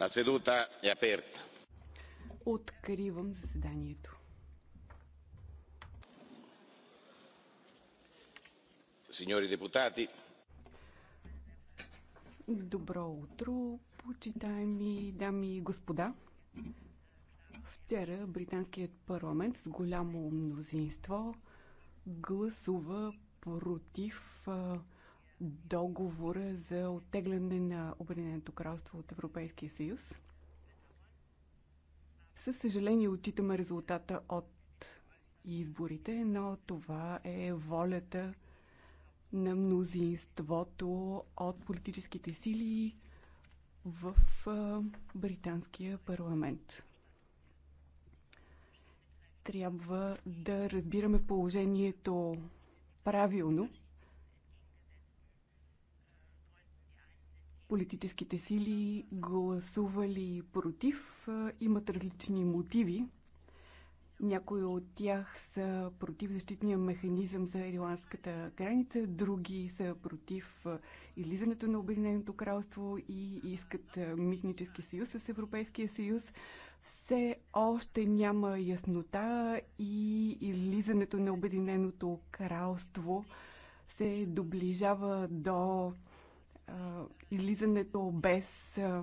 La seduta aperta. Откривам заседанието. Синьори депутати. Добро утро, почитаеми дами и господа. Вчера британският парламент с голямо мнозинство гласува против а, договора за оттегляне на Обединеното кралство от Европейския съюз. Със съжаление отчитаме резултата от изборите, но това е волята на мнозинството от политическите сили в британския парламент. Трябва да разбираме положението правилно Политическите сили гласували против имат различни мотиви. Някои от тях са против защитния механизъм за ирландската граница, други са против излизането на Обединеното кралство и искат митнически съюз с Европейския съюз. Все още няма яснота и излизането на Обединеното кралство се доближава до излизането без а,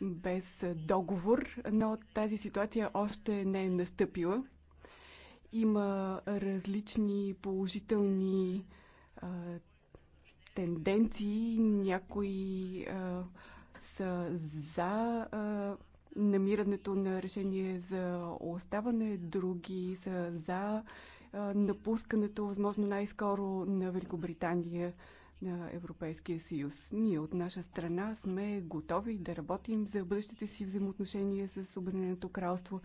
без договор, но тази ситуация още не е настъпила. Има различни положителни а, тенденции. Някои а, са за а, намирането на решение за оставане, други са за напускането, възможно най-скоро на Великобритания на Европейския съюз. Ние от наша страна сме готови да работим за бъдещите си взаимоотношения с Обединеното кралство.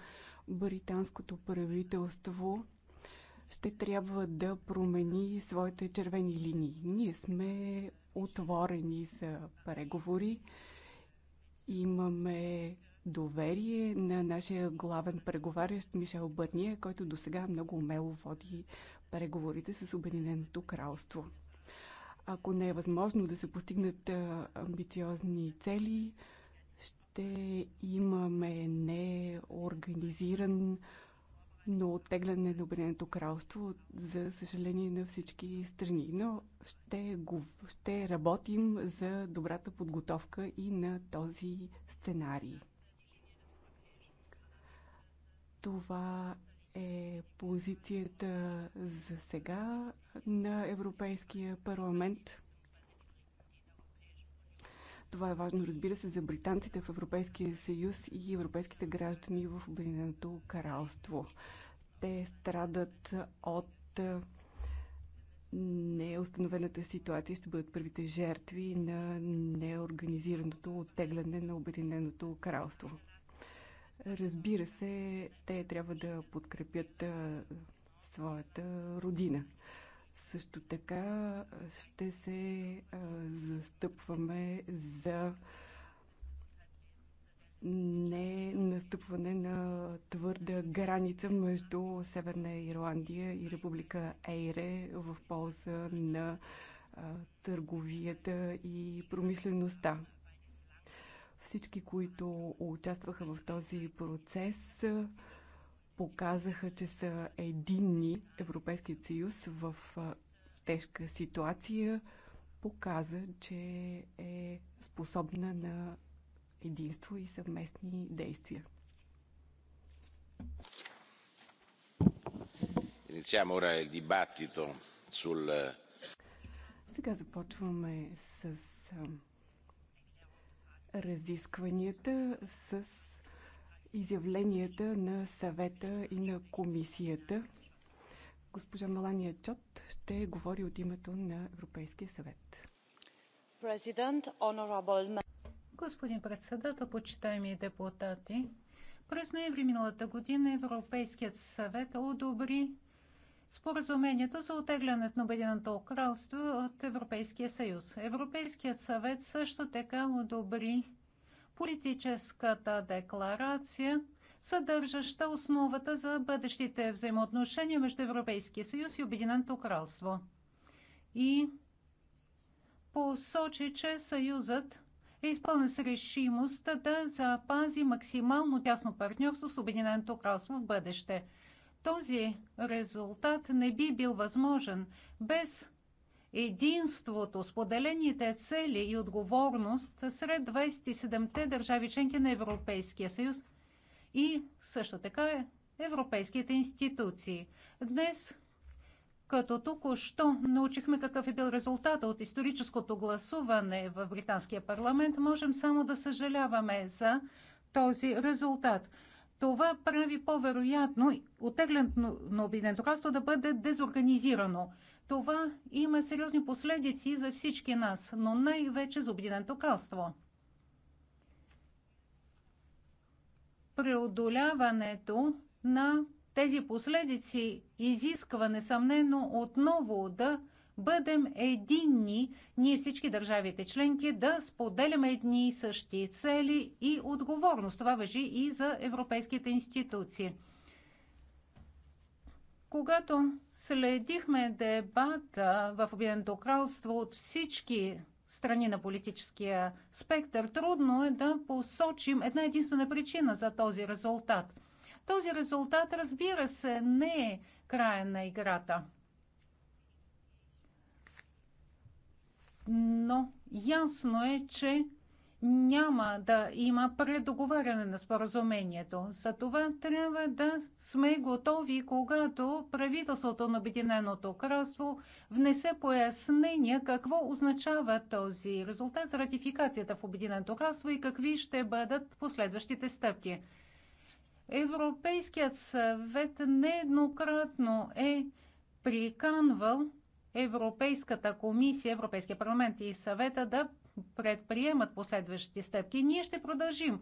Британското правителство ще трябва да промени своите червени линии. Ние сме отворени за преговори. Имаме доверие на нашия главен преговарящ Мишел Бърния, който до сега много умело води преговорите с Обединеното кралство. Ако не е възможно да се постигнат амбициозни цели, ще имаме неорганизиран, но оттегляне на Обединеното кралство, за съжаление на всички страни. Но ще, го, ще работим за добрата подготовка и на този сценарий. Това е позицията за сега на Европейския парламент. Това е важно, разбира се, за британците в Европейския съюз и европейските граждани в Обединеното кралство. Те страдат от неустановената ситуация, ще бъдат първите жертви на неорганизираното оттегляне на Обединеното кралство. Разбира се, те трябва да подкрепят своята родина. Също така ще се застъпваме за не настъпване на твърда граница между Северна Ирландия и Република Ейре в полза на търговията и промишлеността. Всички, които участваха в този процес, показаха, че са единни. Европейският съюз в тежка ситуация показа, че е способна на единство и съвместни действия. Iniziamo ora il dibattito sul... Сега започваме с разискванията с изявленията на съвета и на комисията. Госпожа Малания Чот ще говори от името на Европейския съвет. Господин председател, почитаеми депутати, през ноември миналата година Европейският съвет одобри споразумението за отеглянето на Обединеното кралство от Европейския съюз. Европейският съвет също така одобри политическата декларация, съдържаща основата за бъдещите взаимоотношения между Европейския съюз и Обединеното кралство. И посочи, че съюзът е изпълнен с решимост да запази максимално тясно партньорство с Обединеното кралство в бъдеще – този резултат не би бил възможен без единството, споделените цели и отговорност сред 27-те държави членки на Европейския съюз и също така европейските институции. Днес, като тук що научихме какъв е бил резултат от историческото гласуване в Британския парламент, можем само да съжаляваме за този резултат това прави по-вероятно отеглянето на Обединеното кралство да бъде дезорганизирано. Това има сериозни последици за всички нас, но най-вече за Обединеното кралство. Преодоляването на тези последици изисква несъмнено отново да бъдем единни, ние всички държавите членки, да споделяме едни и същи цели и отговорност. Това въжи и за европейските институции. Когато следихме дебата в Обединеното кралство от всички страни на политическия спектър, трудно е да посочим една единствена причина за този резултат. Този резултат, разбира се, не е края на играта. но ясно е, че няма да има предоговаряне на споразумението. За това трябва да сме готови, когато правителството на Обединеното кралство внесе пояснение какво означава този резултат за ратификацията в Обединеното кралство и какви ще бъдат последващите стъпки. Европейският съвет нееднократно е приканвал Европейската комисия, Европейския парламент и съвета да предприемат последващи стъпки. Ние ще продължим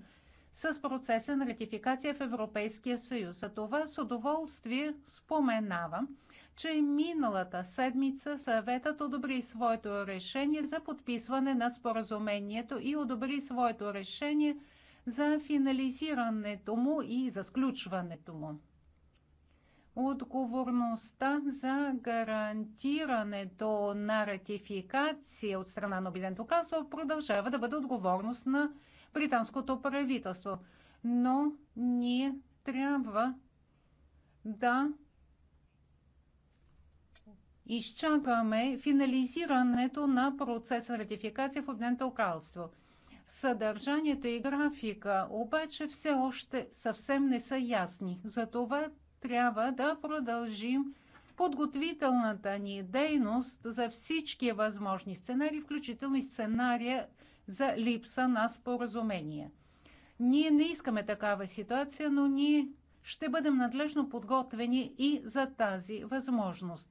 с процеса на ратификация в Европейския съюз. За това с удоволствие споменавам, че миналата седмица съветът одобри своето решение за подписване на споразумението и одобри своето решение за финализирането му и за сключването му отговорността за гарантирането на ратификация от страна на Обиденто кралство продължава да бъде отговорност на британското правителство. Но ние трябва да изчакаме финализирането на процеса на ратификация в Обиденто кралство. Съдържанието и графика обаче все още съвсем не са ясни. Затова трябва да продължим подготвителната ни дейност за всички възможни сценарии, включително и сценария за липса на споразумение. Ние не искаме такава ситуация, но ние ще бъдем надлежно подготвени и за тази възможност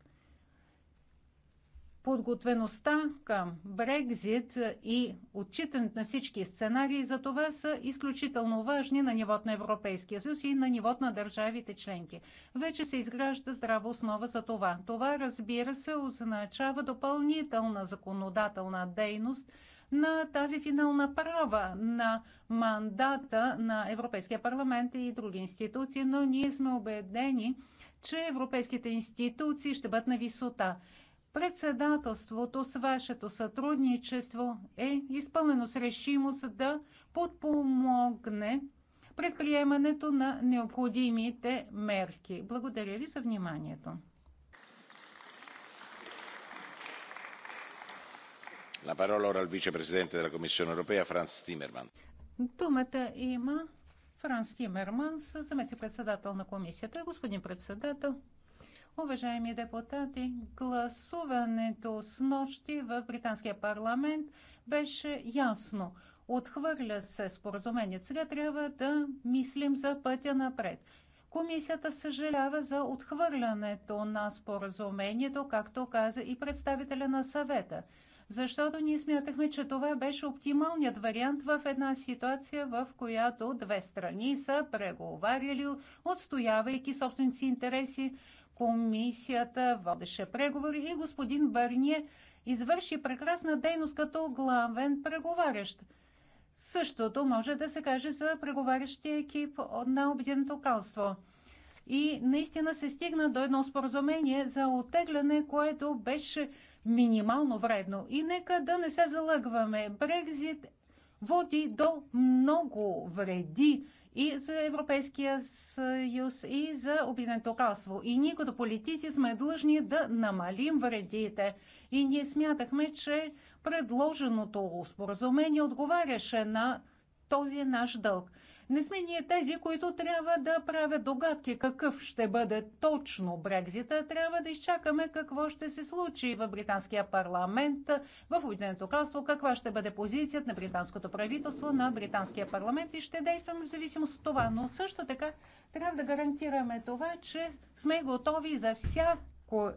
подготвеността към Брекзит и отчитането на всички сценарии за това са изключително важни на нивото на Европейския съюз и на нивото на държавите членки. Вече се изгражда здрава основа за това. Това, разбира се, означава допълнителна законодателна дейност на тази финална права на мандата на Европейския парламент и други институции, но ние сме убедени, че европейските институции ще бъдат на висота. Председателството с вашето сътрудничество е изпълнено с решимост да подпомогне предприемането на необходимите мерки. Благодаря ви за вниманието. La parola ora al vicepresidente della Commissione europea, Franz Timmermans. Думата има Франс Тимерманс, заместник-председател на комисията. Господин председател, Уважаеми депутати, гласуването с нощи в британския парламент беше ясно. Отхвърля се споразумението. Сега трябва да мислим за пътя напред. Комисията съжалява за отхвърлянето на споразумението, както каза и представителя на съвета, защото ние смятахме, че това беше оптималният вариант в една ситуация, в която две страни са преговаряли, отстоявайки собствените интереси комисията водеше преговори и господин Бърние извърши прекрасна дейност като главен преговарящ. Същото може да се каже за преговарящия екип на Обединеното кралство. И наистина се стигна до едно споразумение за отегляне, което беше минимално вредно. И нека да не се залъгваме. Брекзит води до много вреди и за Европейския съюз, и за Обединеното кралство. И ние като политици сме длъжни да намалим вредите. И ние смятахме, че предложеното споразумение отговаряше на този наш дълг. Не сме ние тези, които трябва да правят догадки какъв ще бъде точно Брекзита. Трябва да изчакаме какво ще се случи в британския парламент, в Уединеното кралство, каква ще бъде позицията на британското правителство, на британския парламент и ще действаме в зависимост от това. Но също така трябва да гарантираме това, че сме готови за всяко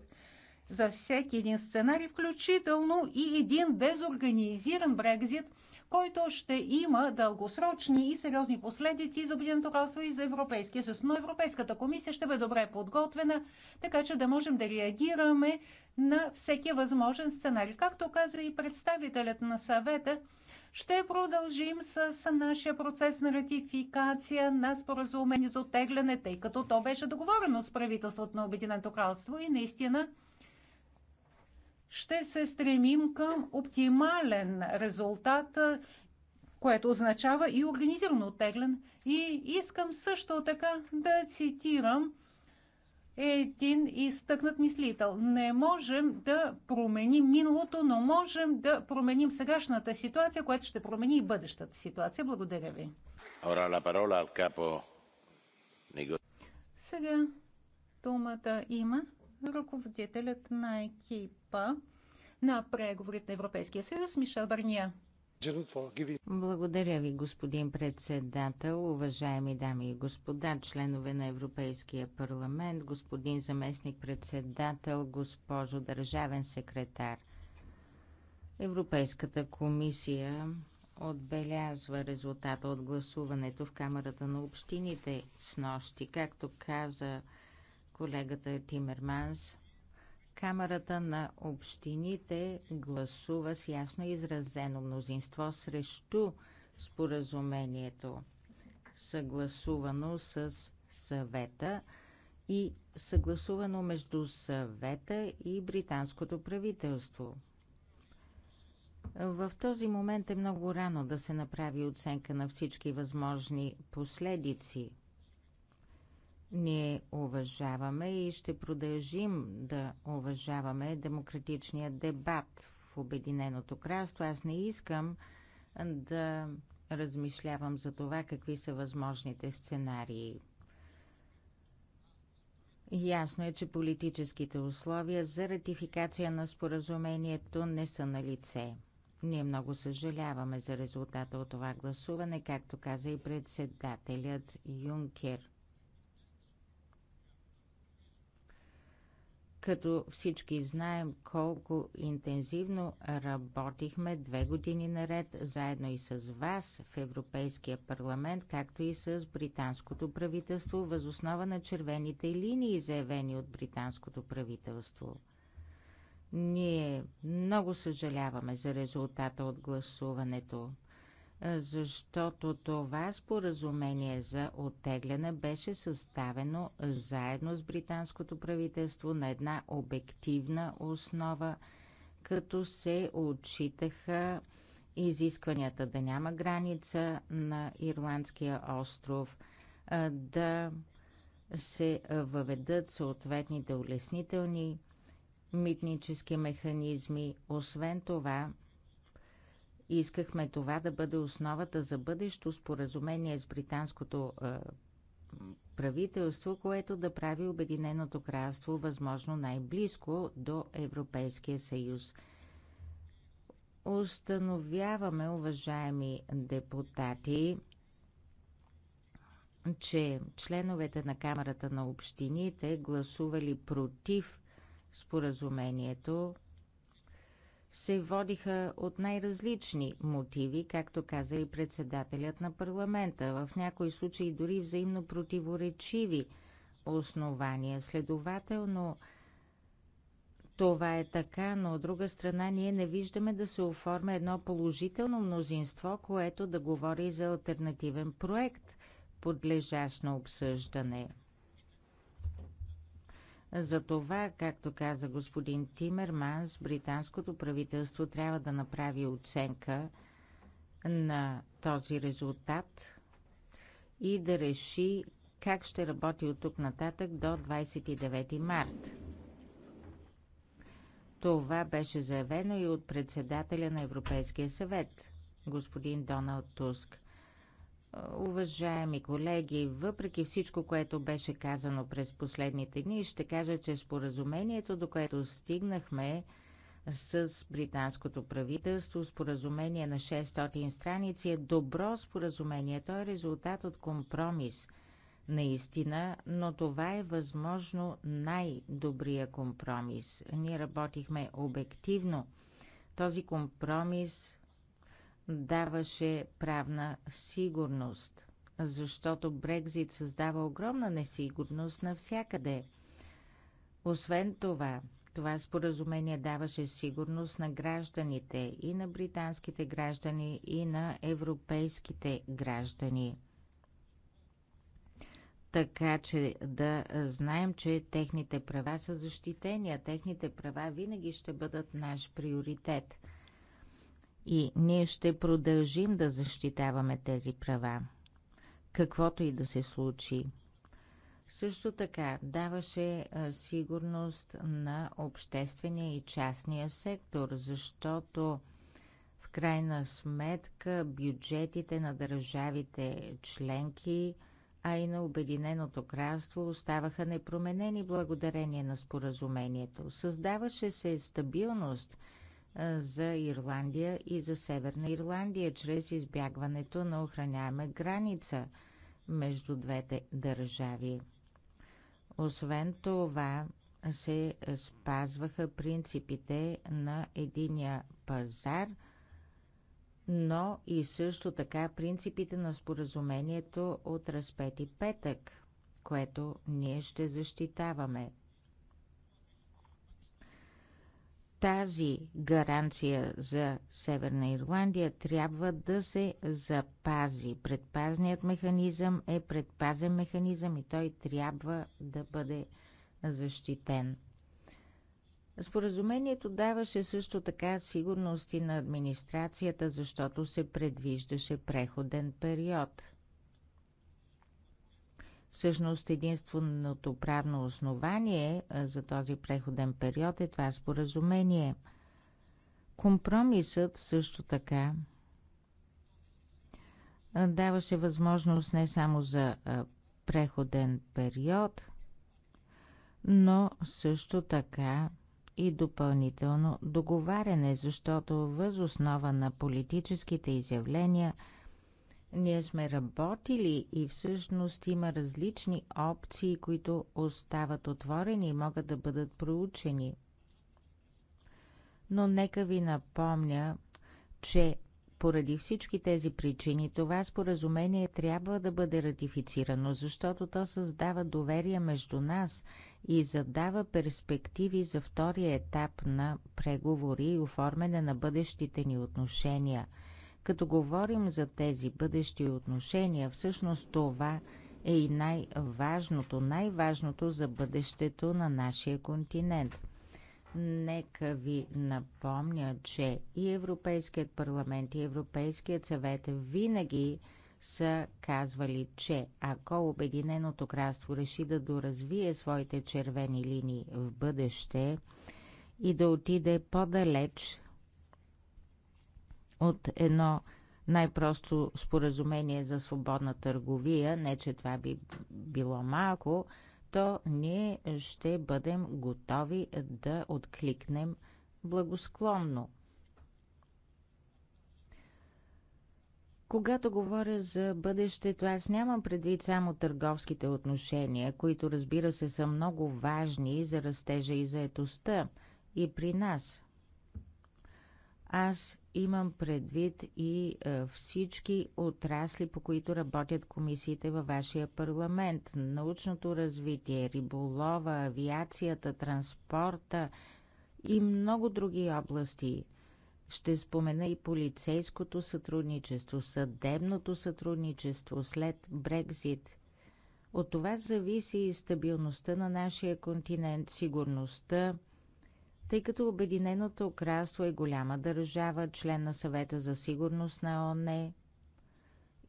за всеки един сценарий, включително и един дезорганизиран Брекзит – който ще има дългосрочни и сериозни последици за Обединеното кралство и за Европейския съюз. Но Европейската комисия ще бъде добре подготвена, така че да можем да реагираме на всеки възможен сценарий. Както каза и представителят на съвета, ще продължим с нашия процес на ратификация на споразумение за оттегляне, тъй като то беше договорено с правителството на Обединеното кралство и наистина ще се стремим към оптимален резултат, което означава и организирано оттеглен. И искам също така да цитирам един изтъкнат мислител. Не можем да променим миналото, но можем да променим сегашната ситуация, която ще промени и бъдещата ситуация. Благодаря ви. Сега думата има ръководителят на екип етапа на преговорите на Европейския съюз. Мишел Барния. Благодаря ви, господин председател, уважаеми дами и господа, членове на Европейския парламент, господин заместник председател, госпожо държавен секретар. Европейската комисия отбелязва резултата от гласуването в Камерата на общините с нощи. Както каза колегата Тимерманс, Камерата на общините гласува с ясно изразено мнозинство срещу споразумението, съгласувано с съвета и съгласувано между съвета и британското правителство. В този момент е много рано да се направи оценка на всички възможни последици. Ние уважаваме и ще продължим да уважаваме демократичния дебат в Обединеното кралство. Аз не искам да размишлявам за това какви са възможните сценарии. Ясно е, че политическите условия за ратификация на споразумението не са на лице. Ние много съжаляваме за резултата от това гласуване, както каза и председателят Юнкер. като всички знаем колко интензивно работихме две години наред, заедно и с вас в Европейския парламент, както и с британското правителство, възоснова на червените линии, заявени от британското правителство. Ние много съжаляваме за резултата от гласуването защото това споразумение за оттегляне беше съставено заедно с британското правителство на една обективна основа, като се отчитаха изискванията да няма граница на Ирландския остров, да се въведат съответните улеснителни митнически механизми. Освен това, и искахме това да бъде основата за бъдещо споразумение с британското е, правителство, което да прави Обединеното кралство възможно най-близко до Европейския съюз. Установяваме, уважаеми депутати, че членовете на Камерата на общините гласували против споразумението се водиха от най-различни мотиви, както каза и председателят на парламента, в някои случаи дори взаимно противоречиви основания. Следователно, това е така, но от друга страна ние не виждаме да се оформя едно положително мнозинство, което да говори за альтернативен проект, подлежащ на обсъждане. За това, както каза господин Тимерманс, британското правителство трябва да направи оценка на този резултат и да реши как ще работи от тук нататък до 29 март. Това беше заявено и от председателя на Европейския съвет, господин Доналд Туск. Уважаеми колеги, въпреки всичко, което беше казано през последните дни, ще кажа, че споразумението, до което стигнахме с британското правителство, споразумение на 600 страници, е добро споразумение. То е резултат от компромис, наистина, но това е възможно най-добрия компромис. Ние работихме обективно. Този компромис даваше правна сигурност, защото Брекзит създава огромна несигурност навсякъде. Освен това, това споразумение даваше сигурност на гражданите и на британските граждани и на европейските граждани. Така че да знаем, че техните права са защитени, а техните права винаги ще бъдат наш приоритет – и ние ще продължим да защитаваме тези права, каквото и да се случи. Също така даваше сигурност на обществения и частния сектор, защото в крайна сметка бюджетите на държавите членки, а и на Обединеното кралство оставаха непроменени благодарение на споразумението. Създаваше се стабилност – за Ирландия и за Северна Ирландия чрез избягването на охраняема граница между двете държави. Освен това, се спазваха принципите на единия пазар, но и също така принципите на споразумението от разпети петък, което ние ще защитаваме. Тази гаранция за Северна Ирландия трябва да се запази. Предпазният механизъм е предпазен механизъм и той трябва да бъде защитен. Споразумението даваше също така сигурности на администрацията, защото се предвиждаше преходен период – Всъщност единственото правно основание за този преходен период е това споразумение. Компромисът също така даваше възможност не само за преходен период, но също така и допълнително договаряне, защото въз основа на политическите изявления – ние сме работили и всъщност има различни опции, които остават отворени и могат да бъдат проучени. Но нека ви напомня, че поради всички тези причини това споразумение трябва да бъде ратифицирано, защото то създава доверие между нас и задава перспективи за втория етап на преговори и оформяне на бъдещите ни отношения – като говорим за тези бъдещи отношения, всъщност това е и най-важното, най-важното за бъдещето на нашия континент. Нека ви напомня, че и Европейският парламент, и Европейският съвет винаги са казвали, че ако Обединеното кралство реши да доразвие своите червени линии в бъдеще и да отиде по-далеч от едно най-просто споразумение за свободна търговия, не че това би било малко, то ние ще бъдем готови да откликнем благосклонно. Когато говоря за бъдещето, аз нямам предвид само търговските отношения, които разбира се са много важни за растежа и заетостта и при нас – аз имам предвид и е, всички отрасли, по които работят комисиите във вашия парламент. Научното развитие, риболова, авиацията, транспорта и много други области. Ще спомена и полицейското сътрудничество, съдебното сътрудничество след Брекзит. От това зависи и стабилността на нашия континент, сигурността, тъй като Обединеното кралство е голяма държава, член на съвета за сигурност на ООН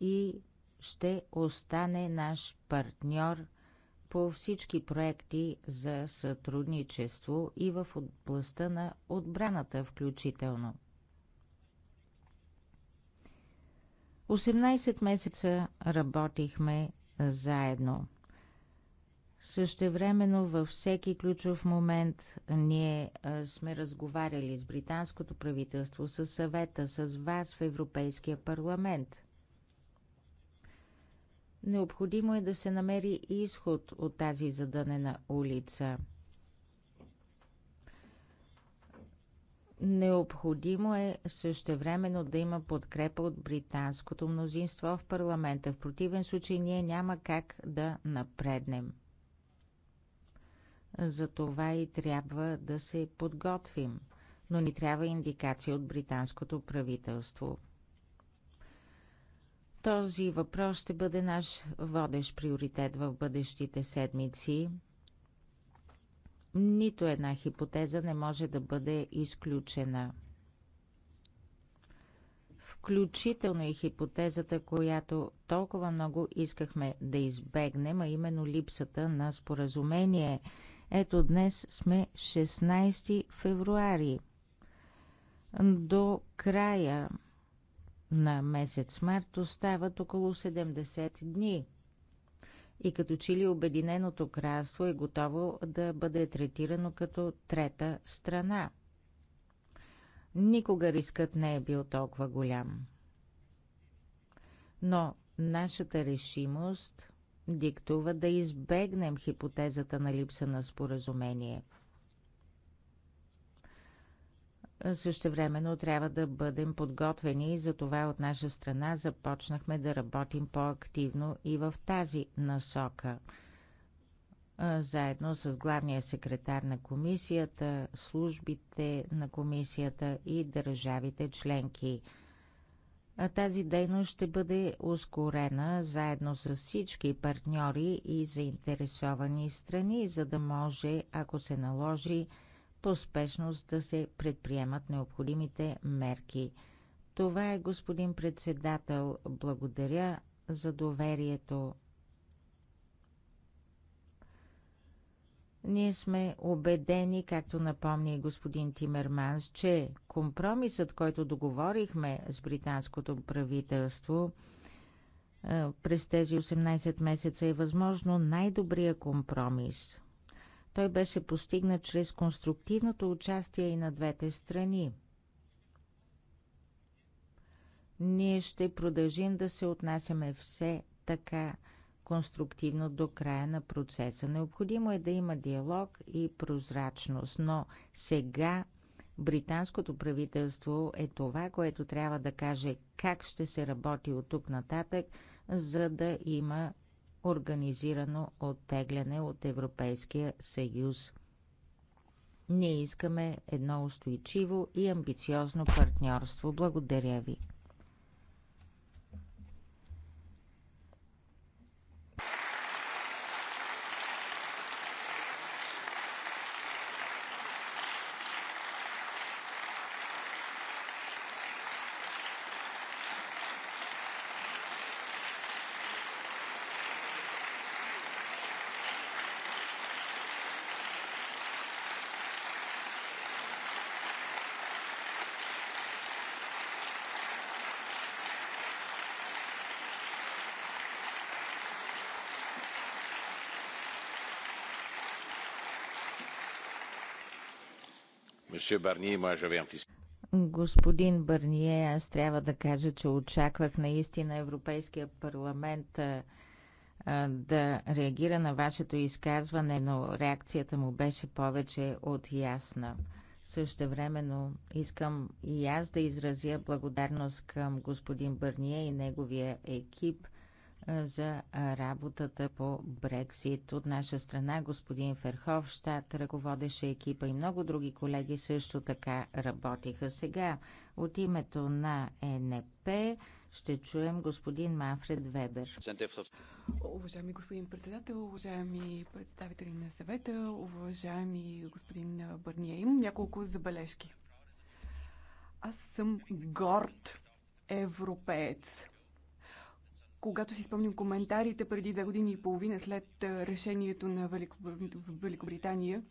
и ще остане наш партньор по всички проекти за сътрудничество и в областта на отбраната включително. 18 месеца работихме заедно – Същевременно във всеки ключов момент ние сме разговаряли с британското правителство, с съвета, с вас в Европейския парламент. Необходимо е да се намери изход от тази задънена улица. Необходимо е същевременно да има подкрепа от британското мнозинство в парламента. В противен случай ние няма как да напреднем. За това и трябва да се подготвим, но ни трябва индикация от британското правителство. Този въпрос ще бъде наш водещ приоритет в бъдещите седмици. Нито една хипотеза не може да бъде изключена. Включително и хипотезата, която толкова много искахме да избегнем, а именно липсата на споразумение – ето днес сме 16 февруари. До края на месец март остават около 70 дни. И като че ли Обединеното кралство е готово да бъде третирано като трета страна. Никога рискът не е бил толкова голям. Но нашата решимост диктува да избегнем хипотезата на липса на споразумение. Същевременно трябва да бъдем подготвени и за това от наша страна започнахме да работим по-активно и в тази насока. Заедно с главния секретар на комисията, службите на комисията и държавите членки – тази дейност ще бъде ускорена заедно с всички партньори и заинтересовани страни, за да може, ако се наложи, по спешност да се предприемат необходимите мерки. Това е, господин председател, благодаря за доверието. Ние сме убедени, както напомни господин Тимерманс, че компромисът, който договорихме с британското правителство е, през тези 18 месеца е възможно най-добрия компромис. Той беше постигнат чрез конструктивното участие и на двете страни. Ние ще продължим да се отнасяме все така конструктивно до края на процеса. Необходимо е да има диалог и прозрачност, но сега британското правителство е това, което трябва да каже как ще се работи от тук нататък, за да има организирано оттегляне от Европейския съюз. Ние искаме едно устойчиво и амбициозно партньорство. Благодаря ви. Господин Барние, аз трябва да кажа, че очаквах наистина Европейския парламент а, да реагира на вашето изказване, но реакцията му беше повече от ясна. времено искам и аз да изразя благодарност към господин Бърния и неговия екип – за работата по Брексит. От наша страна господин Ферховщад ръководеше екипа и много други колеги също така работиха. Сега от името на ЕНП ще чуем господин Манфред Вебер. Уважаеми господин председател, уважаеми представители на съвета, уважаеми господин Бърния, имам няколко забележки. Аз съм горд европеец когато си спомням коментарите преди две години и половина след решението на Великобритания,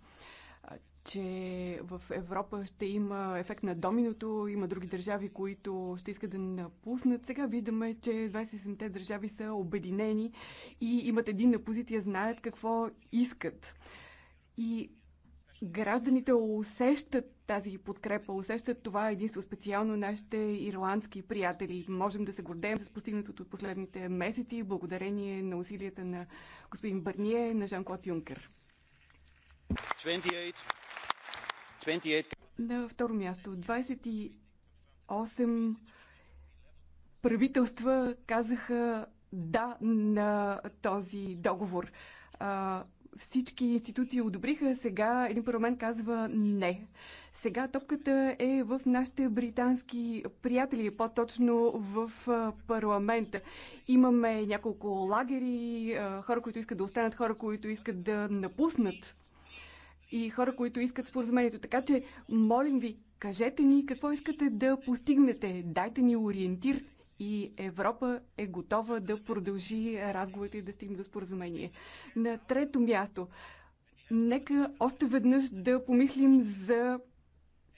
че в Европа ще има ефект на доминото, има други държави, които ще искат да напуснат. Сега виждаме, че 27-те държави са обединени и имат единна позиция, знаят какво искат. И гражданите усещат тази подкрепа усещат. Това е единство специално нашите ирландски приятели. Можем да се гордеем с постигнатото от последните месеци, благодарение на усилията на господин Бърние, на Жан-Клод Юнкер. 28. 28. На второ място, 28 правителства казаха да на този договор всички институции одобриха, сега един парламент казва не. Сега топката е в нашите британски приятели, по-точно в парламента. Имаме няколко лагери, хора, които искат да останат, хора, които искат да напуснат и хора, които искат споразумението. Така че, молим ви, кажете ни какво искате да постигнете. Дайте ни ориентир и Европа е готова да продължи разговорите и да стигне до споразумение. На трето място, нека още веднъж да помислим за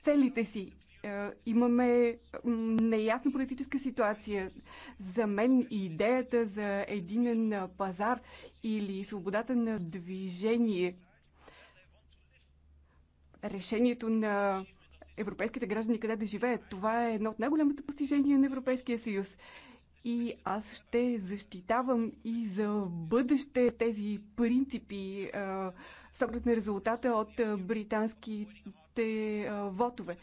целите си. Е, имаме неясна политическа ситуация. За мен идеята за единен пазар или свободата на движение, решението на европейските граждани къде да живеят. Това е едно от най-големите постижения на Европейския съюз. И аз ще защитавам и за бъдеще тези принципи с оглед на резултата от британските вотове.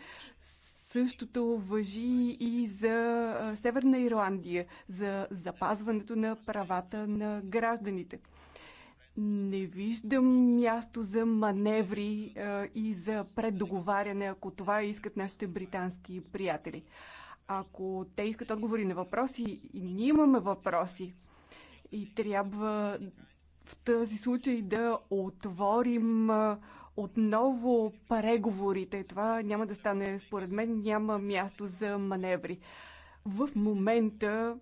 Същото въжи и за Северна Ирландия, за запазването на правата на гражданите. Не виждам място за маневри а, и за преддоговаряне, ако това искат нашите британски приятели. Ако те искат отговори на въпроси и ние имаме въпроси и трябва в този случай да отворим отново преговорите. Това няма да стане, според мен, няма място за маневри. В момента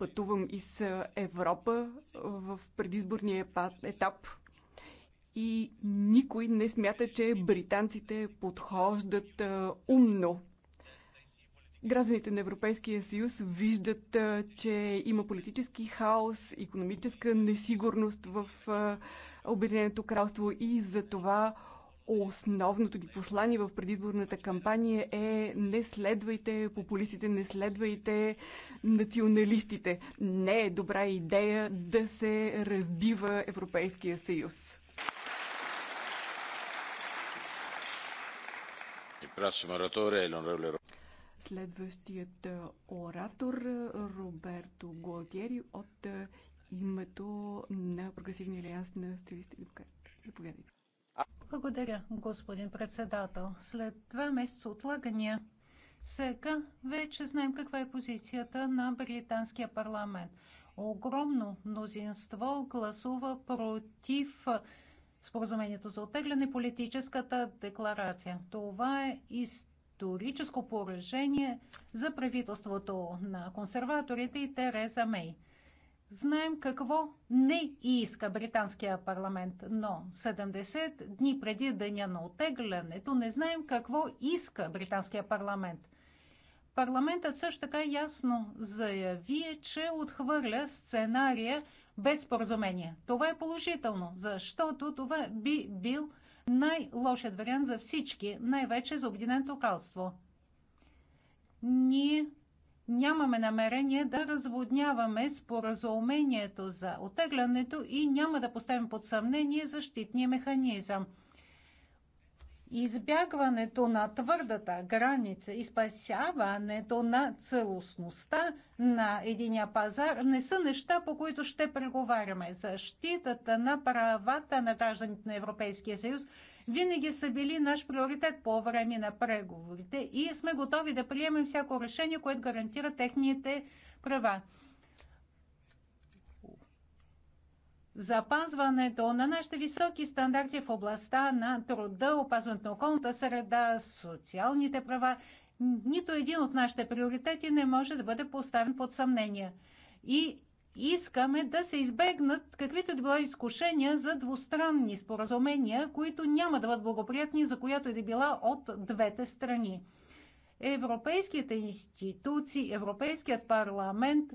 пътувам из Европа в предизборния етап и никой не смята, че британците подхождат умно. Гражданите на Европейския съюз виждат, че има политически хаос, економическа несигурност в Обединеното кралство и за това основното ни послание в предизборната кампания е не следвайте популистите, не следвайте националистите. Не е добра идея да се разбива Европейския съюз. Следващият оратор Роберто Гуагери от името на Прогресивния алианс на социалистите. Заповядайте. Благодаря, господин председател. След два месеца отлагания, сега вече знаем каква е позицията на британския парламент. Огромно мнозинство гласува против споразумението за отегляне политическата декларация. Това е историческо поражение за правителството на консерваторите и Тереза Мей. Знаем какво не иска британския парламент, но 70 дни преди деня на отеглянето не знаем какво иска британския парламент. Парламентът също така ясно заяви, че отхвърля сценария без споразумение. Това е положително, защото това би бил най-лошият вариант за всички, най-вече за Обединеното кралство. Ние нямаме намерение да разводняваме споразумението за отеглянето и няма да поставим под съмнение защитния механизъм. Избягването на твърдата граница и спасяването на целостността на единия пазар не са неща, по които ще преговаряме. Защитата на правата на гражданите на Европейския съюз – винаги са били наш приоритет по време на преговорите и сме готови да приемем всяко решение, което гарантира техните права. Запазването на нашите високи стандарти в областта на труда, опазването на околната среда, социалните права, нито един от нашите приоритети не може да бъде поставен под съмнение. И искаме да се избегнат каквито да било изкушения за двустранни споразумения, които няма да бъдат благоприятни за която и е да била от двете страни. Европейските институции, Европейският парламент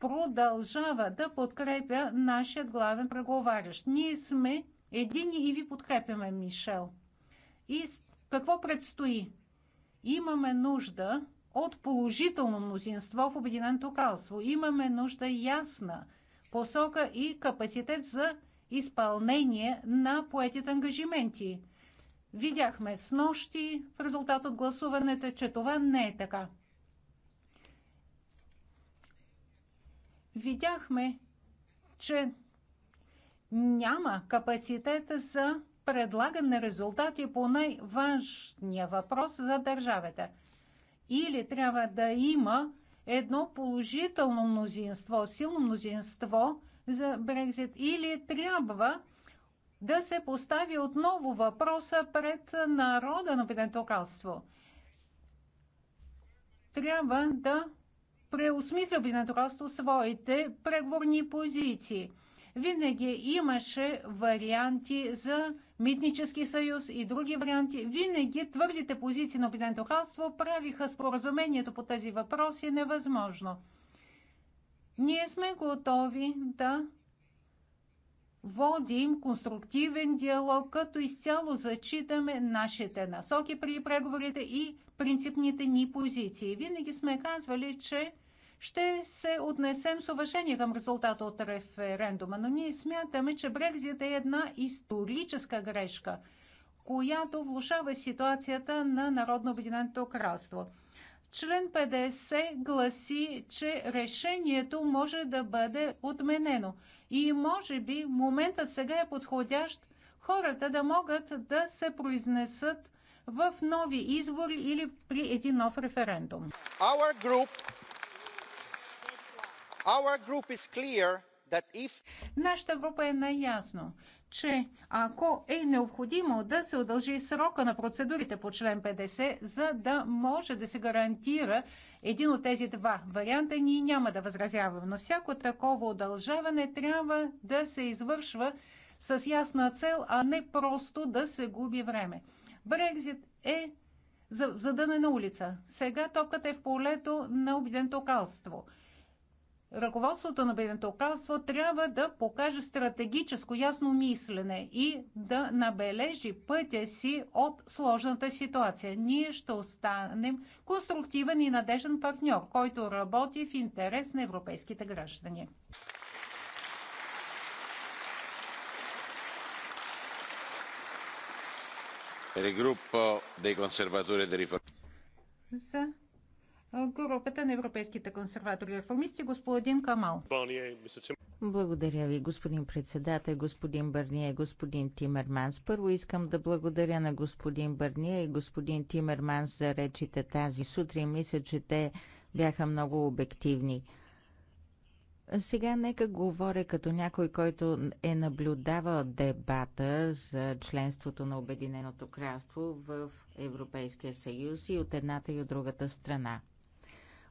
продължава да подкрепя нашият главен преговарящ. Ние сме едини и ви подкрепяме, Мишел. И какво предстои? Имаме нужда от положително мнозинство в Обединеното кралство. Имаме нужда ясна посока и капацитет за изпълнение на поетите ангажименти. Видяхме с нощи в резултат от гласуването, че това не е така. Видяхме, че няма капацитета за предлагане на резултати по най-важния въпрос за държавата – или трябва да има едно положително мнозинство, силно мнозинство за Брекзит, или трябва да се постави отново въпроса пред народа на Обединеното кралство. Трябва да преосмисля Обединеното кралство своите преговорни позиции. Винаги имаше варианти за митнически съюз и други варианти, винаги твърдите позиции на Обединеното кралство правиха споразумението по тези въпроси невъзможно. Ние сме готови да водим конструктивен диалог, като изцяло зачитаме нашите насоки при преговорите и принципните ни позиции. Винаги сме казвали, че ще се отнесем с уважение към резултата от референдума, но ние смятаме, че Брекзит е една историческа грешка, която влушава ситуацията на Народно Обединеното кралство. Член 50 гласи, че решението може да бъде отменено. И може би моментът сега е подходящ хората да могат да се произнесат в нови избори или при един нов референдум. Our group Нашата група е наясно, че ако е необходимо да се удължи срока на процедурите по член 50, за да може да се гарантира един от тези два варианта, ние няма да възразяваме. Но всяко такова удължаване трябва да се извършва с ясна цел, а не просто да се губи време. Брекзит е задънена улица. Сега топката е в полето на Обединеното кралство – ръководството на Бедното кралство трябва да покаже стратегическо ясно мислене и да набележи пътя си от сложната ситуация. Ние ще останем конструктивен и надежен партньор, който работи в интерес на европейските граждани. За групата на европейските консерватори и реформисти, господин Камал. Благодаря ви, господин председател, господин Бърния, господин Тимерманс. Първо искам да благодаря на господин Бърния и господин Тимерманс за речите тази сутрин. Мисля, че те бяха много обективни. Сега нека говоря като някой, който е наблюдавал дебата за членството на Обединеното кралство в Европейския съюз и от едната и от другата страна.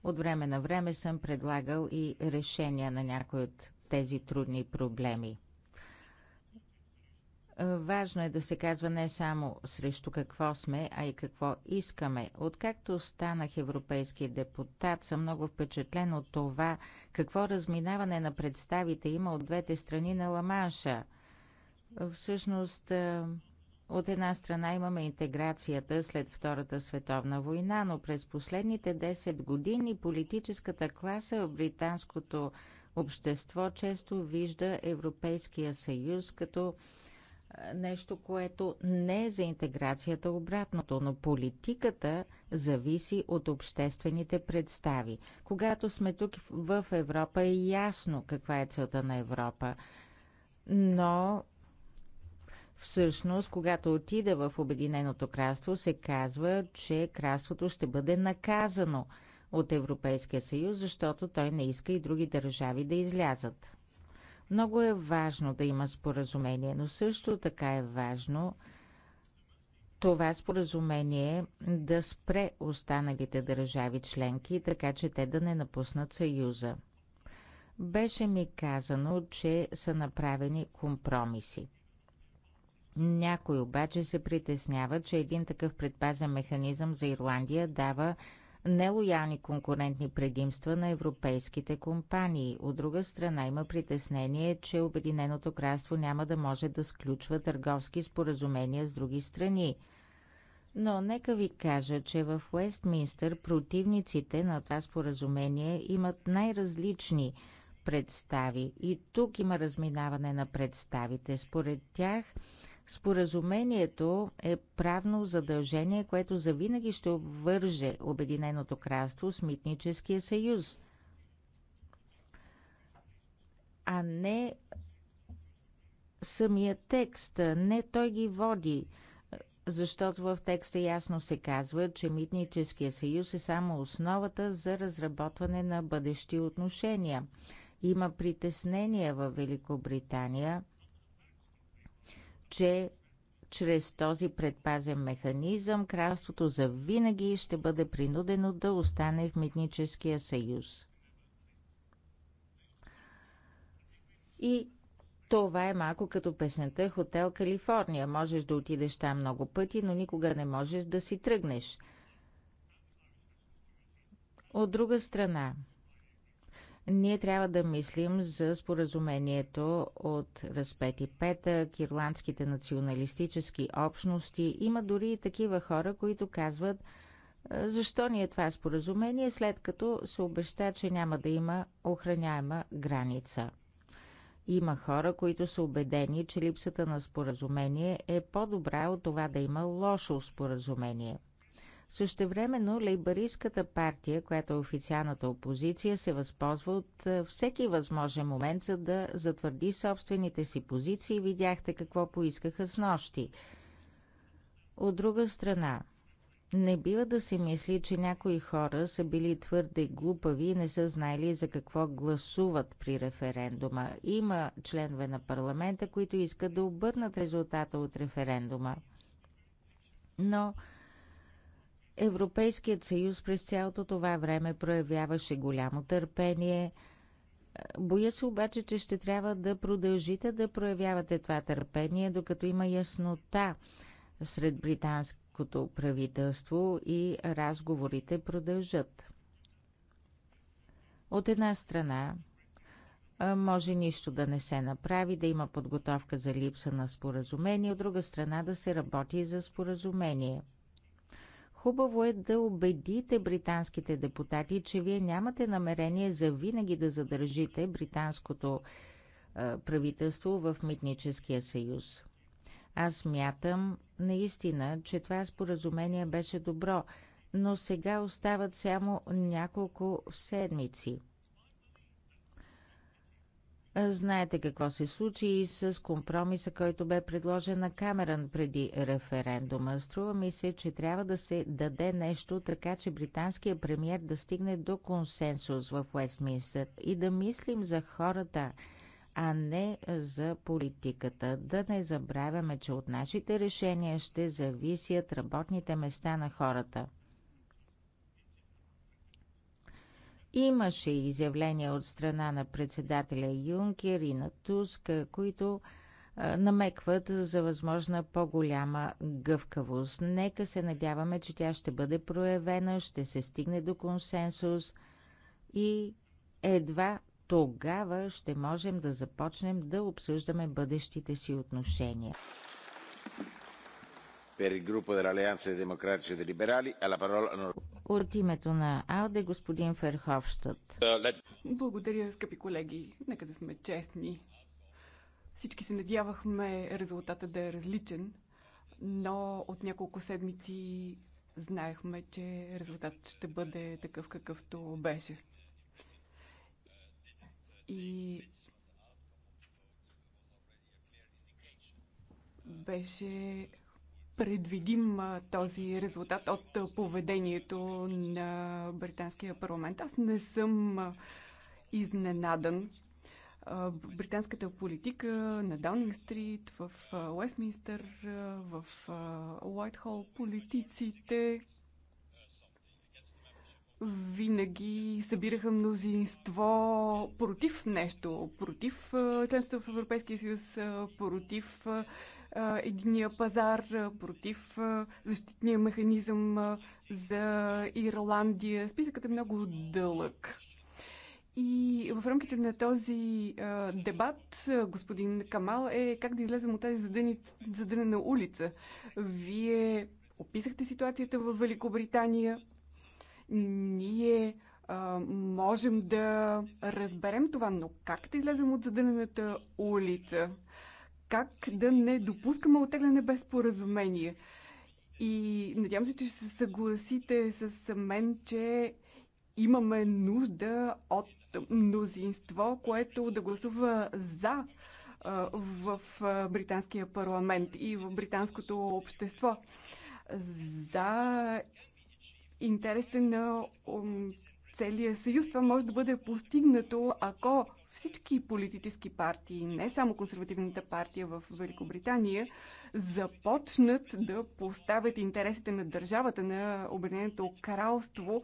От време на време съм предлагал и решения на някои от тези трудни проблеми. Важно е да се казва не само срещу какво сме, а и какво искаме. Откакто станах европейски депутат, съм много впечатлен от това какво разминаване на представите има от двете страни на Ламанша. Всъщност, от една страна имаме интеграцията след Втората световна война, но през последните 10 години политическата класа в британското общество често вижда Европейския съюз като нещо, което не е за интеграцията обратното, но политиката зависи от обществените представи. Когато сме тук в Европа е ясно каква е целта на Европа, но Всъщност, когато отида в Обединеното кралство, се казва, че кралството ще бъде наказано от Европейския съюз, защото той не иска и други държави да излязат. Много е важно да има споразумение, но също така е важно това споразумение да спре останалите държави членки, така че те да не напуснат Съюза. Беше ми казано, че са направени компромиси. Някой обаче се притеснява, че един такъв предпазен механизъм за Ирландия дава нелоялни конкурентни предимства на европейските компании. От друга страна има притеснение, че Обединеното кралство няма да може да сключва търговски споразумения с други страни. Но нека ви кажа, че в Уестминстър противниците на това споразумение имат най-различни представи и тук има разминаване на представите. Според тях Споразумението е правно задължение, което завинаги ще обвърже Обединеното кралство с Митническия съюз, а не самия текст. Не той ги води, защото в текста ясно се казва, че Митническия съюз е само основата за разработване на бъдещи отношения. Има притеснения в Великобритания – че чрез този предпазен механизъм кралството завинаги ще бъде принудено да остане в митническия съюз. И това е малко като песента Хотел Калифорния. Можеш да отидеш там много пъти, но никога не можеш да си тръгнеш. От друга страна, ние трябва да мислим за споразумението от разпети петък, ирландските националистически общности. Има дори и такива хора, които казват защо ни е това споразумение, след като се обеща, че няма да има охраняема граница. Има хора, които са убедени, че липсата на споразумение е по-добра от това да има лошо споразумение – Същевременно лейбаристската партия, която е официалната опозиция, се възползва от е, всеки възможен момент, за да затвърди собствените си позиции. Видяхте какво поискаха с нощи. От друга страна, не бива да се мисли, че някои хора са били твърде глупави и не са знаели за какво гласуват при референдума. Има членове на парламента, които искат да обърнат резултата от референдума. Но Европейският съюз през цялото това време проявяваше голямо търпение. Боя се обаче, че ще трябва да продължите да проявявате това търпение, докато има яснота сред британското правителство и разговорите продължат. От една страна, може нищо да не се направи, да има подготовка за липса на споразумение, от друга страна да се работи за споразумение – Хубаво е да убедите британските депутати, че вие нямате намерение за винаги да задържите британското правителство в Митническия съюз. Аз мятам наистина, че това споразумение беше добро, но сега остават само няколко седмици – Знаете какво се случи и с компромиса, който бе предложен на Камерън преди референдума. Струва ми се, че трябва да се даде нещо, така че британският премьер да стигне до консенсус в Уестминстър и да мислим за хората, а не за политиката. Да не забравяме, че от нашите решения ще зависят работните места на хората. Имаше изявления от страна на председателя Юнкер и на Туск, които намекват за възможна по-голяма гъвкавост. Нека се надяваме, че тя ще бъде проявена, ще се стигне до консенсус и едва тогава ще можем да започнем да обсъждаме бъдещите си отношения. E от името на АЛДЕ господин Ферховщът. Благодаря, скъпи колеги. Нека да сме честни. Всички се надявахме резултата да е различен, но от няколко седмици знаехме, че резултатът ще бъде такъв какъвто беше. И беше предвидим този резултат от поведението на британския парламент. Аз не съм изненадан. Британската политика на Даунинг стрит, в Уестминстър, в Уайтхол, политиците винаги събираха мнозинство против нещо, против членството в Европейския съюз, против единия пазар, против защитния механизъм за Ирландия. Списъкът е много дълъг. И в рамките на този а, дебат, господин Камал, е как да излезем от тази задънена улица. Вие описахте ситуацията в Великобритания. Ние а, можем да разберем това, но как да излезем от задънената улица? как да не допускаме отегляне без споразумение. И надявам се, че ще се съгласите с мен, че имаме нужда от мнозинство, което да гласува за в британския парламент и в британското общество за интересите на целия съюз. Това може да бъде постигнато, ако всички политически партии, не само консервативната партия в Великобритания, започнат да поставят интересите на държавата на Обединеното кралство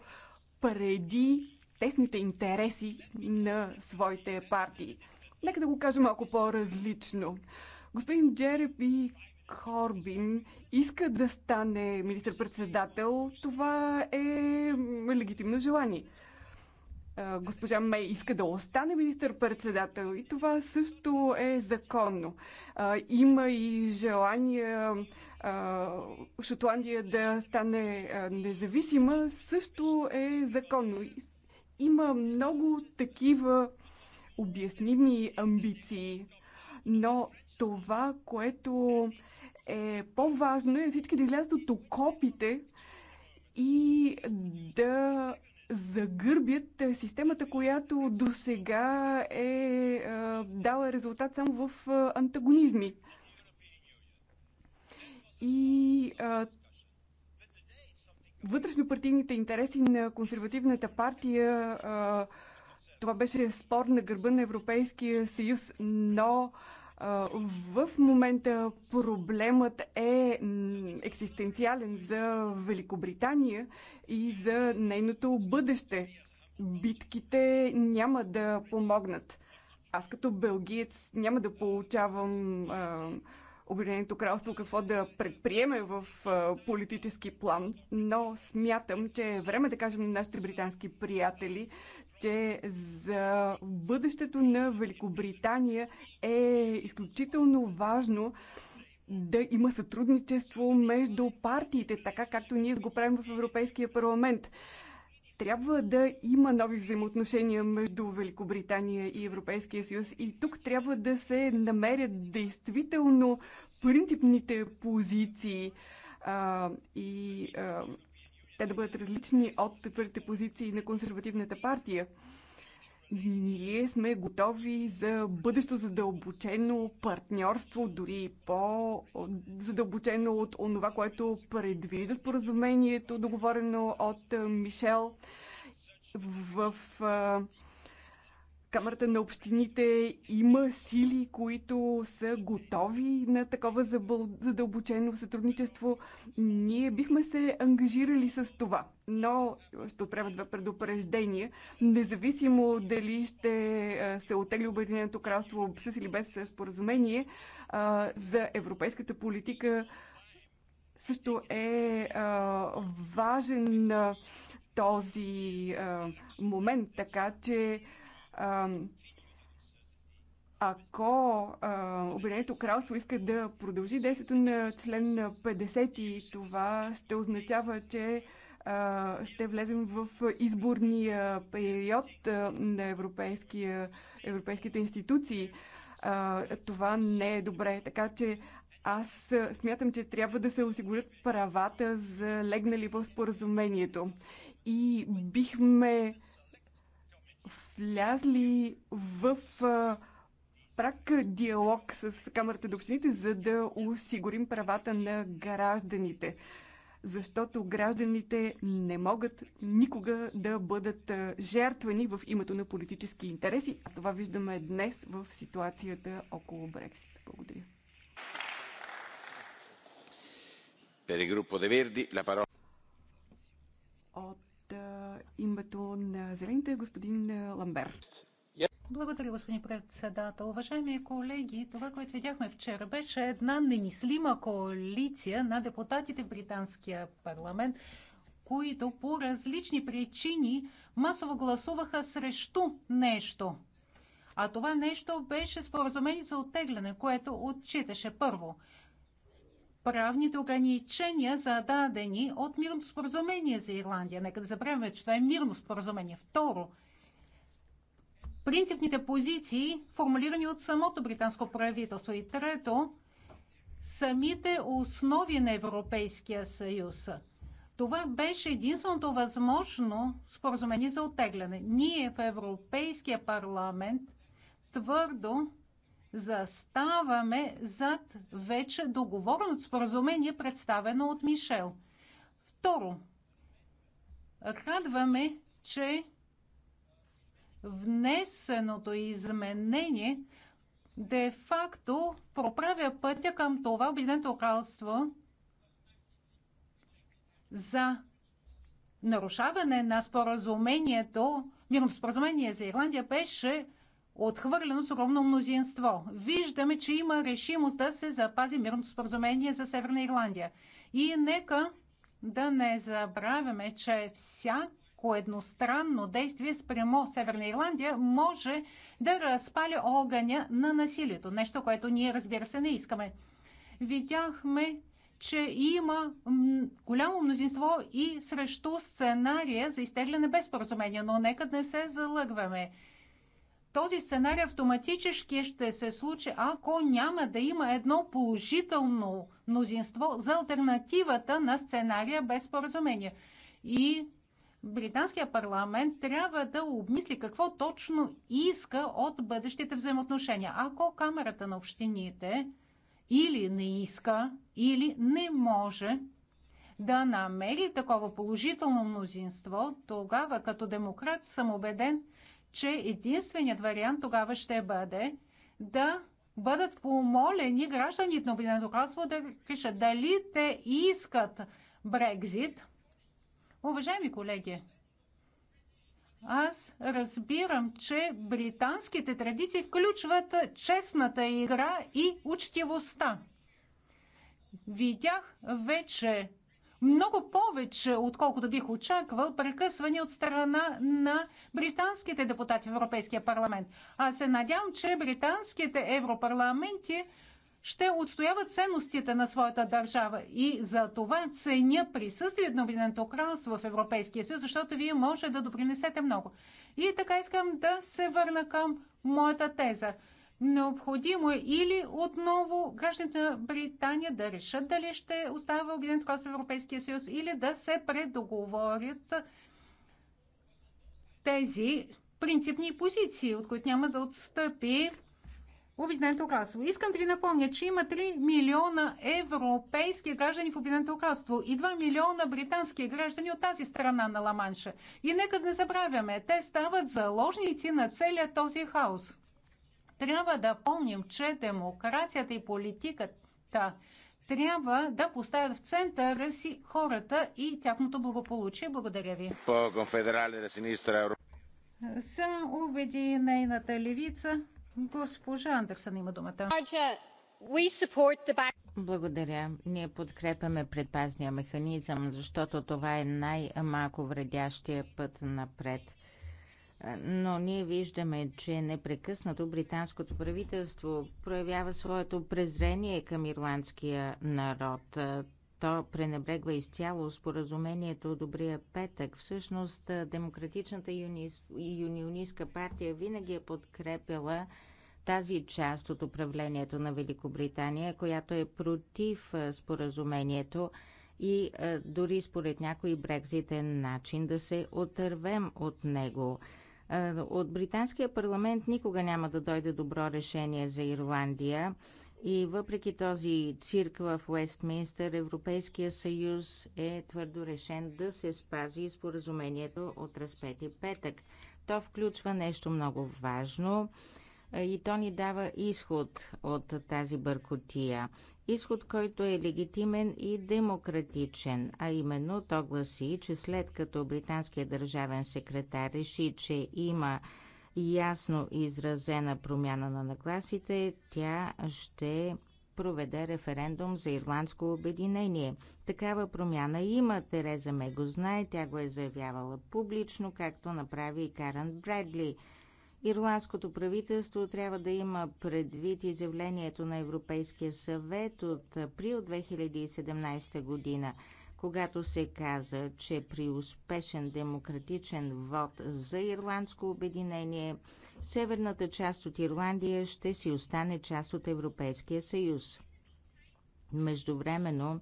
преди тесните интереси на своите партии. Нека да го кажа малко по-различно. Господин Джереб и Корбин иска да стане министър председател това е легитимно желание. Госпожа Мей иска да остане министър-председател и това също е законно. Има и желание Шотландия да стане независима, също е законно. Има много такива обясними амбиции, но това, което е по-важно е всички да излязат от окопите и да загърбят е, системата, която до сега е, е дала резултат само в е, антагонизми. И вътрешнопартийните интереси на консервативната партия, това беше спор на гърба на Европейския съюз, но в момента проблемът е екзистенциален за Великобритания и за нейното бъдеще. Битките няма да помогнат. Аз като белгиец няма да получавам а, Обединеното кралство какво да предприеме в а, политически план, но смятам, че е време да кажем на нашите британски приятели, че за бъдещето на Великобритания е изключително важно да има сътрудничество между партиите, така както ние го правим в Европейския парламент. Трябва да има нови взаимоотношения между Великобритания и Европейския съюз и тук трябва да се намерят действително принципните позиции а, и а, те да бъдат различни от твърдите позиции на консервативната партия. Ние сме готови за бъдещо задълбочено партньорство, дори по-задълбочено от онова, което предвижда споразумението, договорено от Мишел в Камерата на общините има сили, които са готови на такова задълбочено сътрудничество. Ние бихме се ангажирали с това, но ще отправя две предупреждения. Независимо дали ще се отегли Обединеното кралство с или без споразумение, за европейската политика също е важен този момент, така че ако а, Обединеното кралство иска да продължи действието на член 50, това ще означава, че а, ще влезем в изборния период на европейския, европейските институции. А, това не е добре. Така че аз смятам, че трябва да се осигурят правата, за легнали в споразумението. И бихме влязли в прак диалог с Камерата на общините, за да осигурим правата на гражданите. Защото гражданите не могат никога да бъдат жертвани в името на политически интереси, а това виждаме днес в ситуацията около Брексит. Благодаря. От името на зелените господин Ламбер. Благодаря, господин председател. Уважаеми колеги, това, което видяхме вчера, беше една немислима коалиция на депутатите в британския парламент, които по различни причини масово гласуваха срещу нещо. А това нещо беше споразумение за оттегляне, което отчиташе първо – правните ограничения, зададени от мирното споразумение за Ирландия. Нека да забравяме, че това е мирно споразумение. Второ, принципните позиции, формулирани от самото британско правителство. И трето, самите основи на Европейския съюз. Това беше единственото възможно споразумение за оттегляне. Ние в Европейския парламент твърдо заставаме зад вече договореното споразумение, представено от Мишел. Второ, радваме, че внесеното изменение де-факто проправя пътя към това Обединеното кралство за нарушаване на споразумението, мирното споразумение за Ирландия беше отхвърлено с огромно мнозинство. Виждаме, че има решимост да се запази мирното споразумение за Северна Ирландия. И нека да не забравяме, че всяко едностранно действие спрямо Северна Ирландия може да разпали огъня на насилието. Нещо, което ние, разбира се, не искаме. Видяхме, че има голямо мнозинство и срещу сценария за изтегляне без споразумение, но нека не се залъгваме този сценарий автоматически ще се случи, ако няма да има едно положително мнозинство за альтернативата на сценария без споразумение. И британския парламент трябва да обмисли какво точно иска от бъдещите взаимоотношения. Ако Камерата на общините или не иска, или не може да намери такова положително мнозинство, тогава като демократ съм убеден, че единственият вариант тогава ще бъде да бъдат помолени гражданите на Обединеното кралство да решат дали те искат Брекзит. Уважаеми колеги, аз разбирам, че британските традиции включват честната игра и учтивостта. Видях вече много повече, отколкото бих очаквал, прекъсвани от страна на британските депутати в Европейския парламент. Аз се надявам, че британските европарламенти ще отстояват ценностите на своята държава и за това ценя присъствието на Обединеното кралство в Европейския съюз, защото вие може да допринесете много. И така искам да се върна към моята теза. Необходимо е или отново гражданите на Британия да решат дали ще остава Обединеното кралство в Европейския съюз или да се предоговорят тези принципни позиции, от които няма да отстъпи Обединеното кралство. Искам да ви напомня, че има 3 милиона европейски граждани в Обединеното кралство и 2 милиона британски граждани от тази страна на Ламанша. И нека да не забравяме, те стават заложници на целия този хаос трябва да помним, че демокрацията и политиката трябва да поставят в центъра си хората и тяхното благополучие. Благодаря ви. убеди нейната левица госпожа Андерсън има думата. Благодаря. Ние подкрепяме предпазния механизъм, защото това е най-малко вредящия път напред но ние виждаме, че непрекъснато британското правителство проявява своето презрение към ирландския народ. То пренебрегва изцяло споразумението от Добрия петък. Всъщност, Демократичната и юнионистка партия винаги е подкрепила тази част от управлението на Великобритания, която е против споразумението и дори според някой Брекзит е начин да се отървем от него. Е, от британския парламент никога няма да дойде добро решение за Ирландия. И въпреки този цирк в Уестминстър, Европейския съюз е твърдо решен да се спази споразумението от разпети петък. То включва нещо много важно и то ни дава изход от тази бъркотия. Изход, който е легитимен и демократичен, а именно то гласи, че след като британският държавен секретар реши, че има ясно изразена промяна на нагласите, тя ще проведе референдум за ирландско обединение. Такава промяна има, Тереза Мего знае, тя го е заявявала публично, както направи и Карен Бредли – Ирландското правителство трябва да има предвид изявлението на Европейския съвет от април 2017 година, когато се каза, че при успешен демократичен вод за ирландско обединение, северната част от Ирландия ще си остане част от Европейския съюз. Междувременно,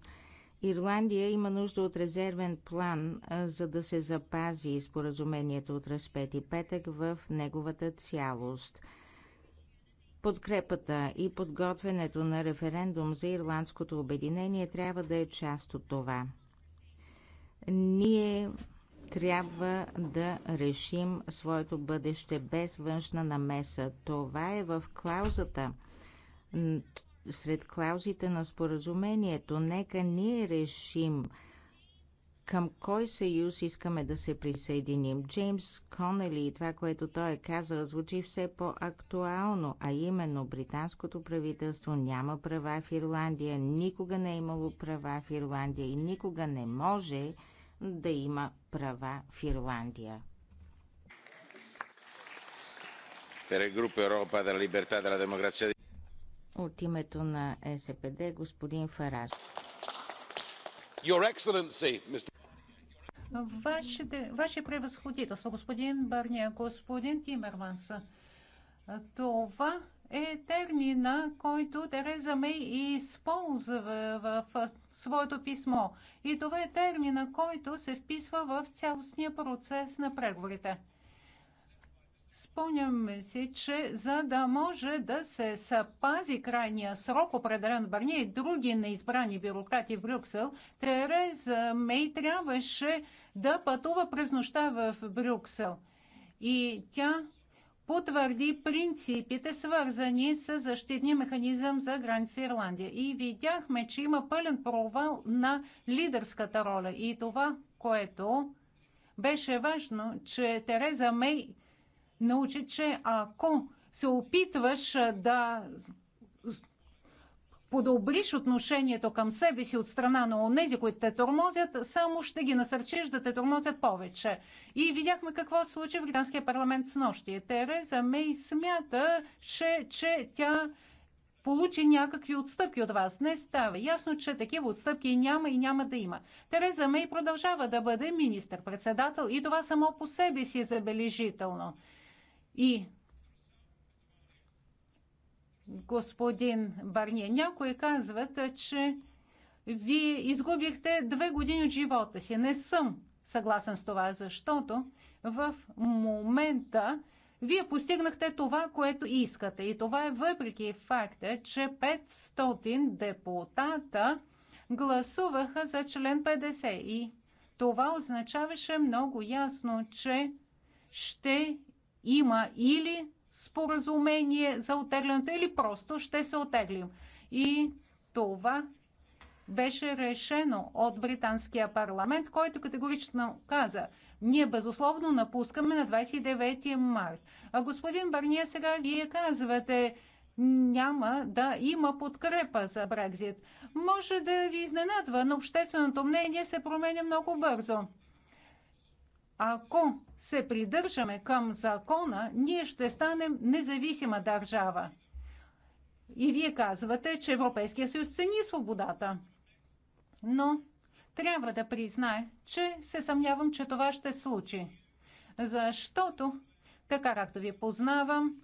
Ирландия има нужда от резервен план, за да се запази споразумението от разпети петък в неговата цялост. Подкрепата и подготвянето на референдум за ирландското обединение трябва да е част от това. Ние трябва да решим своето бъдеще без външна намеса. Това е в клаузата сред клаузите на споразумението. Нека ние решим към кой съюз искаме да се присъединим. Джеймс Конели и това, което той е казал, звучи все по-актуално, а именно британското правителство няма права в Ирландия, никога не е имало права в Ирландия и никога не може да има права в Ирландия. Per il gruppo Europa della Libertà e della Democrazia от името на е СПД господин Фараж. Your Excellency, Mr. Вашите, ваше превъзходителство, господин Барния, господин Тимерманс, това е термина, който Тереза Мей използва в своето писмо. И това е термина, който се вписва в цялостния процес на преговорите. Спомняме си, че за да може да се съпази крайния срок, определен Барния и други неизбрани бюрократи в Брюксел, Тереза Мей трябваше да пътува през нощта в Брюксел. И тя потвърди принципите, свързани с защитния механизъм за граница Ирландия. И видяхме, че има пълен провал на лидерската роля. И това, което беше важно, че Тереза Мей научи, че ако се опитваш да подобриш отношението към себе си от страна на онези, които те тормозят, само ще ги насърчиш да те тормозят повече. И видяхме какво се случи в Британския парламент с нощи. Тереза Мей смята, че, че тя получи някакви отстъпки от вас. Не става. Ясно, че такива отстъпки няма и няма да има. Тереза Мей продължава да бъде министър-председател и това само по себе си е забележително и господин Барни, Някои казват, че вие изгубихте две години от живота си. Не съм съгласен с това, защото в момента вие постигнахте това, което искате. И това е въпреки факта, че 500 депутата гласуваха за член 50. И това означаваше много ясно, че ще има или споразумение за отеглянето, или просто ще се отеглим. И това беше решено от британския парламент, който категорично каза, ние безусловно напускаме на 29 март. А господин Барния, сега вие казвате, няма да има подкрепа за Брекзит. Може да ви изненадва, но общественото мнение се променя много бързо. Ако се придържаме към закона, ние ще станем независима държава. И вие казвате, че Европейския съюз цени свободата. Но трябва да признае, че се съмнявам, че това ще случи. Защото, така както ви познавам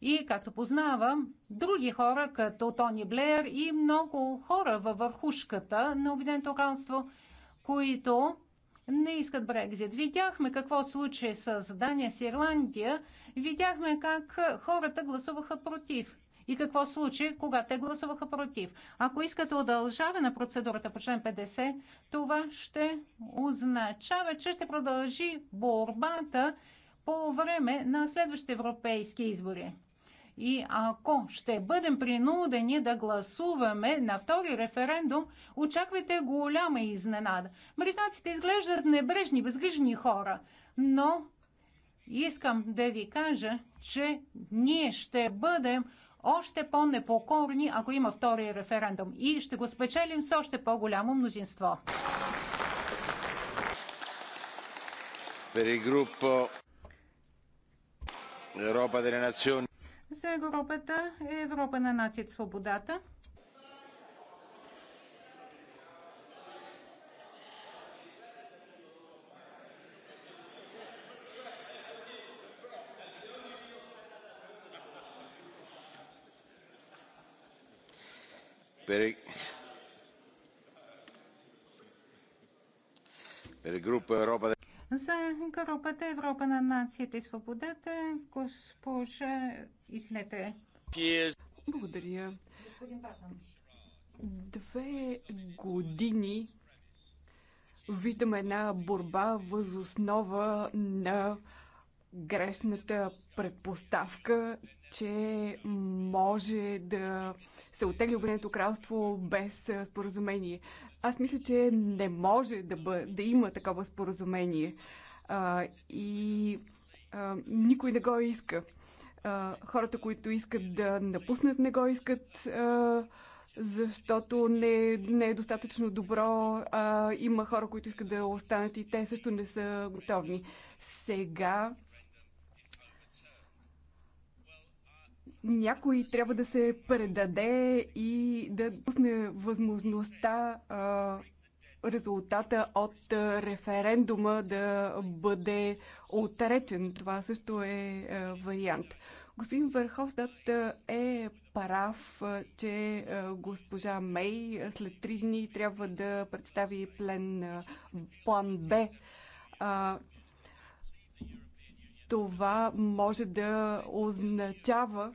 и както познавам други хора, като Тони Блеер и много хора във върхушката на Обединеното кралство, които не искат Брекзит. Видяхме какво случи с Дания, с Ирландия. Видяхме как хората гласуваха против. И какво случи, когато те гласуваха против? Ако искате удължаване на процедурата по член 50, това ще означава, че ще продължи борбата по време на следващите европейски избори. И ако ще бъдем принудени да гласуваме на втори референдум, очаквайте голяма изненада. Британците изглеждат небрежни, безгрижни хора, но искам да ви кажа, че ние ще бъдем още по-непокорни, ако има втори референдум. И ще го спечелим с още по-голямо мнозинство. gruppo uh, Europa delle Nazioni за Европата е Европа на нациите свободата. Per, il gruppo Europa del за групата Европа на нацията и свободата, госпожа, извинете. Благодаря. Две години виждаме една борба възоснова на грешната предпоставка, че може да се отегли Обединеното кралство без споразумение. Аз мисля, че не може да, бъ... да има такова споразумение. А, и а, никой не го иска. А, хората, които искат да напуснат, не го искат. А, защото не, не е достатъчно добро. А, има хора, които искат да останат и те също не са готовни. Сега някой трябва да се предаде и да пусне възможността а, резултата от референдума да бъде отречен. Това също е а, вариант. Господин Върховстат е прав, че госпожа Мей след три дни трябва да представи плен, план Б. това може да означава,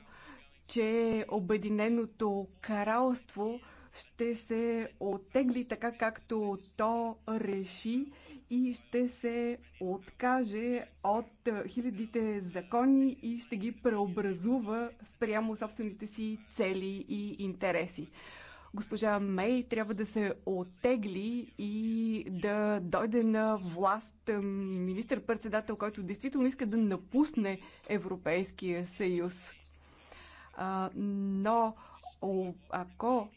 че Обединеното кралство ще се оттегли така, както то реши и ще се откаже от хилядите закони и ще ги преобразува спрямо собствените си цели и интереси. Госпожа Мей трябва да се оттегли и да дойде на власт министър-председател, който действително иска да напусне Европейския съюз но ако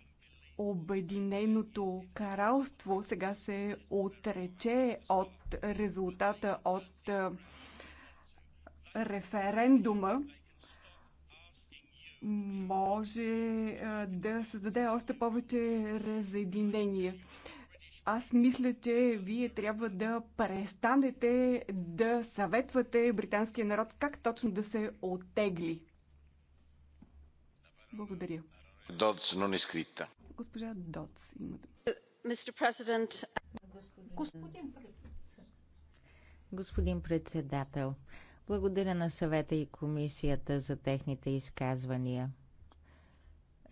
Обединеното кралство сега се отрече от резултата от референдума, може да създаде още повече разединение. Аз мисля, че вие трябва да престанете да съветвате британския народ как точно да се отегли. Благодаря. Додс, но не скрита. Госпожа Додс има Господин председател. Господин председател, благодаря на съвета и комисията за техните изказвания.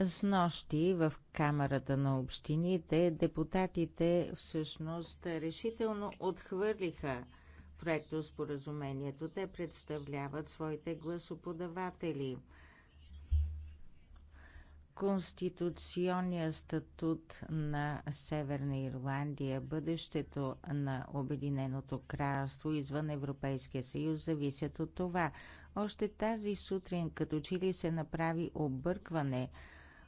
С нощи в Камерата на общините депутатите всъщност решително отхвърлиха проекто споразумението. Те представляват своите гласоподаватели – конституционния статут на Северна Ирландия, бъдещето на Обединеното кралство извън Европейския съюз зависят от това. Още тази сутрин, като че ли се направи объркване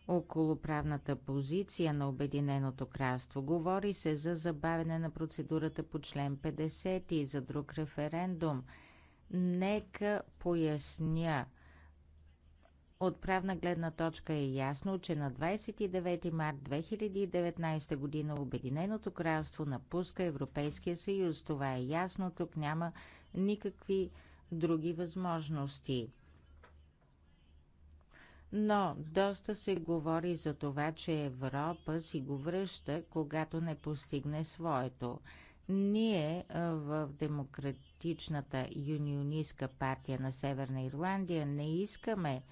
около правната позиция на Обединеното кралство, говори се за забавене на процедурата по член 50 и за друг референдум. Нека поясня – от правна гледна точка е ясно, че на 29 март 2019 година Обединеното кралство напуска Европейския съюз. Това е ясно, тук няма никакви други възможности. Но доста се говори за това, че Европа си го връща, когато не постигне своето. Ние в демократичната юнионистка партия на Северна Ирландия не искаме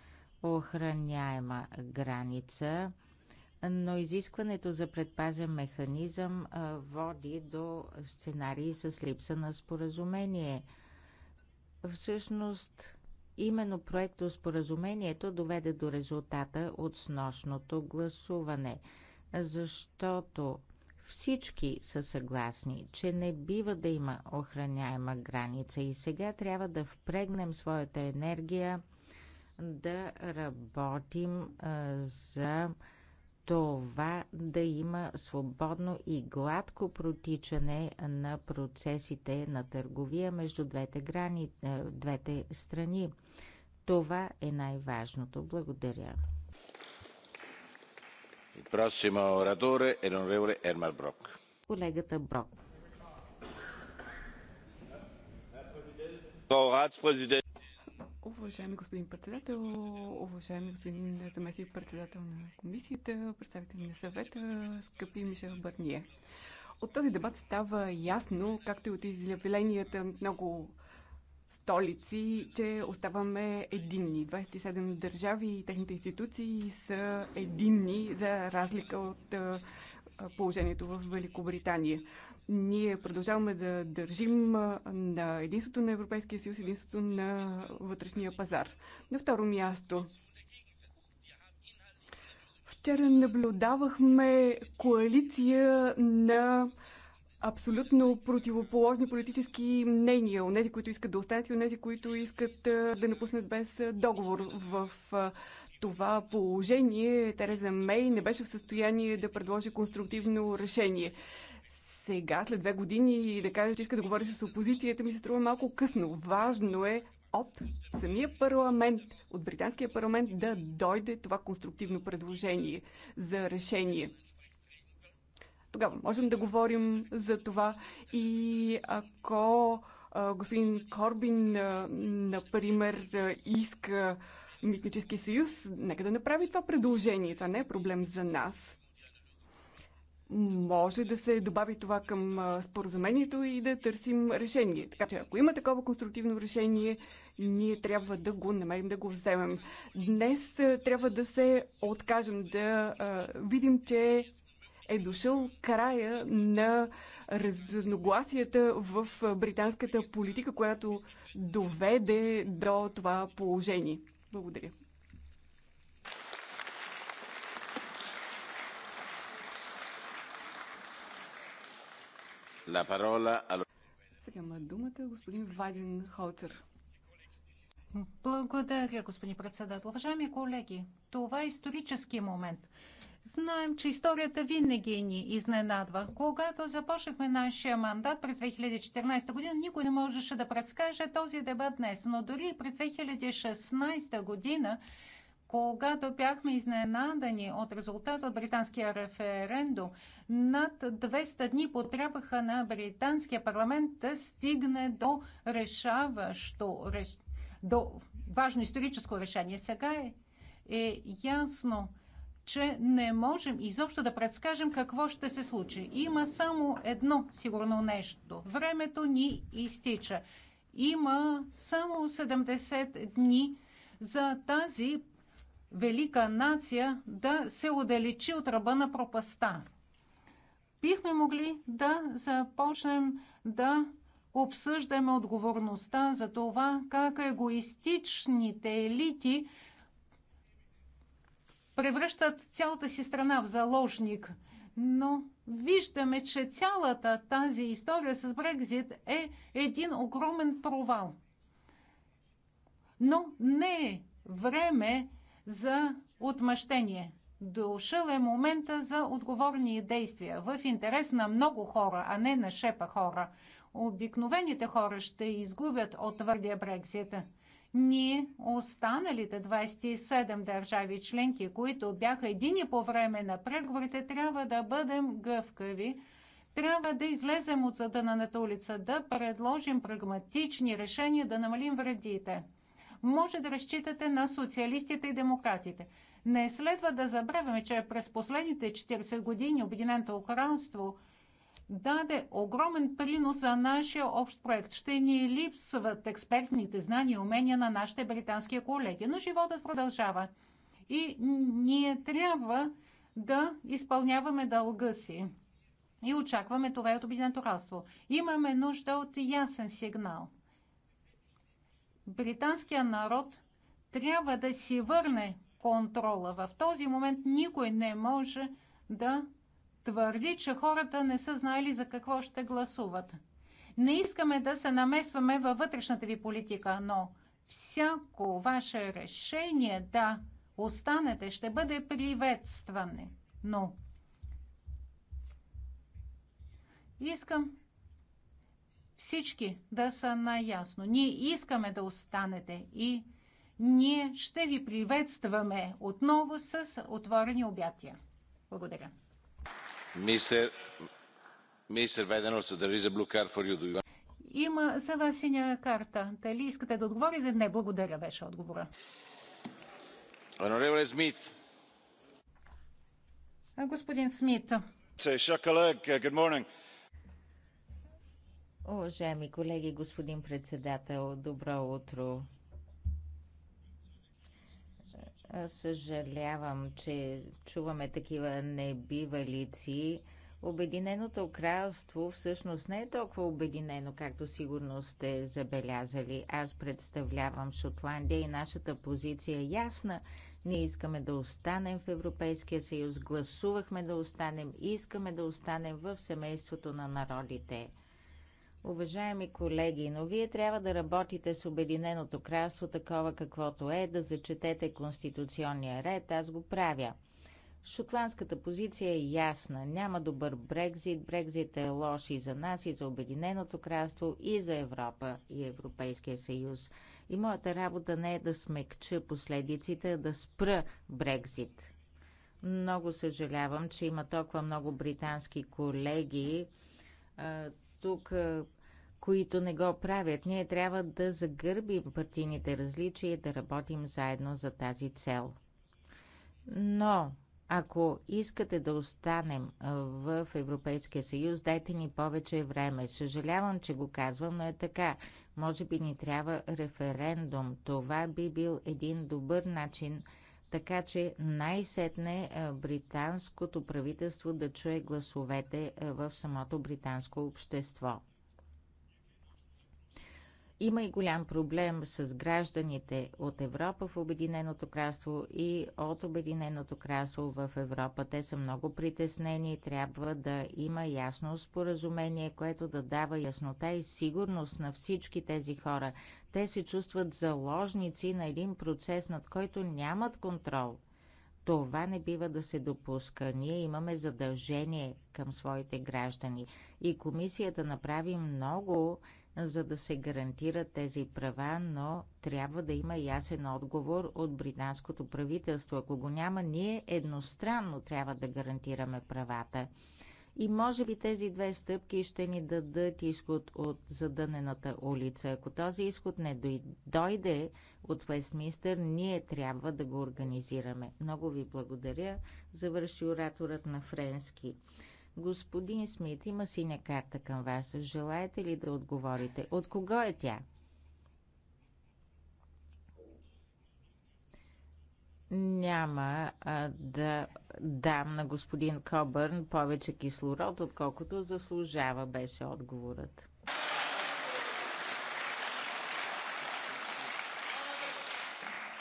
охраняема граница, но изискването за предпазен механизъм води до сценарии с липса на споразумение. Всъщност, именно проекто споразумението доведе до резултата от снощното гласуване, защото всички са съгласни, че не бива да има охраняема граница и сега трябва да впрегнем своята енергия – да работим за това да има свободно и гладко протичане на процесите на търговия между двете, грани, двете страни. Това е най-важното. Благодаря. ораторе е Ермар Брок. Колегата Брок. Frau Уважаеми господин председател, уважаеми господин заместник председател на комисията, представители на съвета, скъпи Мишел Бърние. От този дебат става ясно, както и от изявленията много столици, че оставаме единни. 27 държави и техните институции са единни за разлика от положението в Великобритания. Ние продължаваме да държим на единството на Европейския съюз, единството на вътрешния пазар. На второ място, вчера наблюдавахме коалиция на абсолютно противоположни политически мнения. Онези, които искат да останат и онези, които искат да напуснат без договор. В това положение Тереза Мей не беше в състояние да предложи конструктивно решение сега, след две години, и да кажа, че иска да говори с опозицията, ми се струва малко късно. Важно е от самия парламент, от британския парламент да дойде това конструктивно предложение за решение. Тогава можем да говорим за това и ако господин Корбин, например, иска митнически съюз, нека да направи това предложение. Това не е проблем за нас може да се добави това към споразумението и да търсим решение. Така че ако има такова конструктивно решение, ние трябва да го намерим, да го вземем. Днес трябва да се откажем, да видим, че е дошъл края на разногласията в британската политика, която доведе до това положение. Благодаря. Сега има думата господин Вадин Холцер. Благодаря, господин председател. Уважаеми колеги, това е исторически момент. Знаем, че историята винаги ни изненадва. Когато започнахме нашия мандат през 2014 година, никой не можеше да предскаже този дебат днес. Но дори през 2016 година когато бяхме изненадани от резултата от британския референдум, над 200 дни потребаха на британския парламент да стигне до решаващо, до важно историческо решение. Сега е, е ясно, че не можем изобщо да предскажем какво ще се случи. Има само едно сигурно нещо. Времето ни изтича. Има само 70 дни за тази велика нация да се отдалечи от ръба на пропаста. Бихме могли да започнем да обсъждаме отговорността за това как егоистичните елити превръщат цялата си страна в заложник. Но виждаме, че цялата тази история с Брекзит е един огромен провал. Но не е време за отмъщение. Дошъл е момента за отговорни действия в интерес на много хора, а не на шепа хора. Обикновените хора ще изгубят от твърдия Брексит. Ние, останалите 27 държави членки, които бяха едини по време на преговорите, трябва да бъдем гъвкави, трябва да излезем от задънаната улица, да предложим прагматични решения да намалим вредите може да разчитате на социалистите и демократите. Не следва да забравяме, че през последните 40 години Обединеното кралство даде огромен принос за нашия общ проект. Ще ни липсват експертните знания и умения на нашите британски колеги, но животът продължава. И ние трябва да изпълняваме дълга си. И очакваме това и от Обединеното кралство. Имаме нужда от ясен сигнал британския народ трябва да си върне контрола. В този момент никой не може да твърди, че хората не са знаели за какво ще гласуват. Не искаме да се намесваме във вътрешната ви политика, но всяко ваше решение да останете ще бъде приветстване. Но искам всички да са наясно. Ние искаме да останете и ние ще ви приветстваме отново с отворени обятия. Благодаря. Мистер, мистер Веденос, there is for you. Има за вас синя карта. Дали искате да отговорите? Не, благодаря беше отговора. Honorable Смит. Господин Смит. Good morning. Уважаеми колеги, господин председател, добро утро. Съжалявам, че чуваме такива небивалици. Обединеното кралство всъщност не е толкова обединено, както сигурно сте забелязали. Аз представлявам Шотландия и нашата позиция е ясна. Ние искаме да останем в Европейския съюз, гласувахме да останем, искаме да останем в семейството на народите. Уважаеми колеги, но вие трябва да работите с Обединеното кралство такова каквото е, да зачетете конституционния ред, аз го правя. Шотландската позиция е ясна. Няма добър Брекзит. Брекзит е лош и за нас, и за Обединеното кралство, и за Европа и Европейския съюз. И моята работа не е да смекча последиците, а да спра Брекзит. Много съжалявам, че има толкова много британски колеги тук които не го правят. Ние трябва да загърбим партийните различия и да работим заедно за тази цел. Но, ако искате да останем в Европейския съюз, дайте ни повече време. Съжалявам, че го казвам, но е така. Може би ни трябва референдум. Това би бил един добър начин, така че най-сетне е, британското правителство да чуе гласовете е, в самото британско общество. Има и голям проблем с гражданите от Европа в Обединеното кралство и от Обединеното кралство в Европа. Те са много притеснени и трябва да има ясно споразумение, което да дава яснота и сигурност на всички тези хора. Те се чувстват заложници на един процес, над който нямат контрол. Това не бива да се допуска. Ние имаме задължение към своите граждани и комисията направи много, за да се гарантират тези права, но трябва да има ясен отговор от британското правителство. Ако го няма, ние едностранно трябва да гарантираме правата. И може би тези две стъпки ще ни дадат изход от задънената улица. Ако този изход не дойде от Вестминстър, ние трябва да го организираме. Много ви благодаря, завърши ораторът на френски. Господин Смит, има синя карта към вас. Желаете ли да отговорите? От кого е тя? няма а, да дам на господин Кобърн повече кислород, отколкото заслужава, беше отговорът.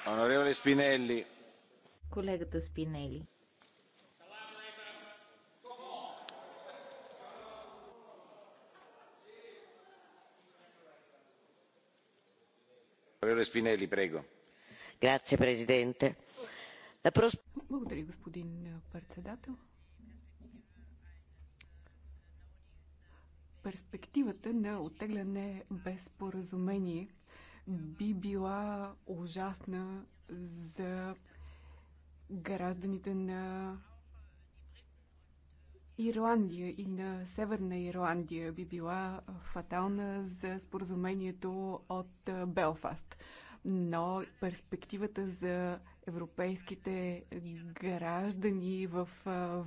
Оноревле Спинели. Колегата Спинели. Оноревле Спинели, прего. Благодаря, господин е, председател. Перспективата на оттегляне без споразумение би била ужасна за гражданите на Ирландия и на Северна Ирландия би била е, фатална за споразумението от е, Белфаст но перспективата за европейските граждани в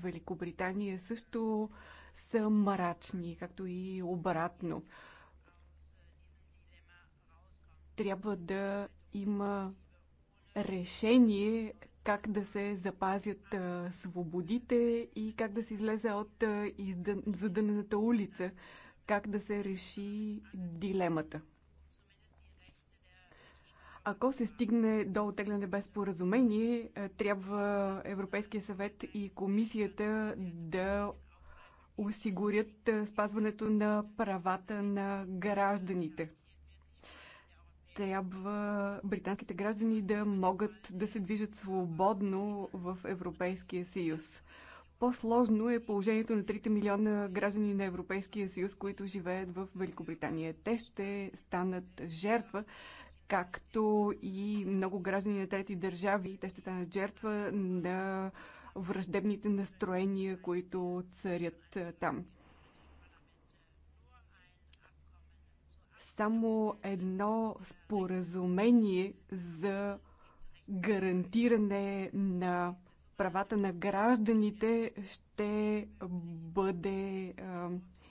Великобритания също са мрачни, както и обратно. Трябва да има решение как да се запазят свободите и как да се излезе от задънената улица, как да се реши дилемата. Ако се стигне до отегляне без споразумение, е, трябва Европейския съвет и комисията да осигурят е, спазването на правата на гражданите. Трябва британските граждани да могат да се движат свободно в Европейския съюз. По-сложно е положението на 3 милиона граждани на Европейския съюз, които живеят в Великобритания. Те ще станат жертва както и много граждани на трети държави. Те ще станат жертва на враждебните настроения, които царят там. Само едно споразумение за гарантиране на правата на гражданите ще бъде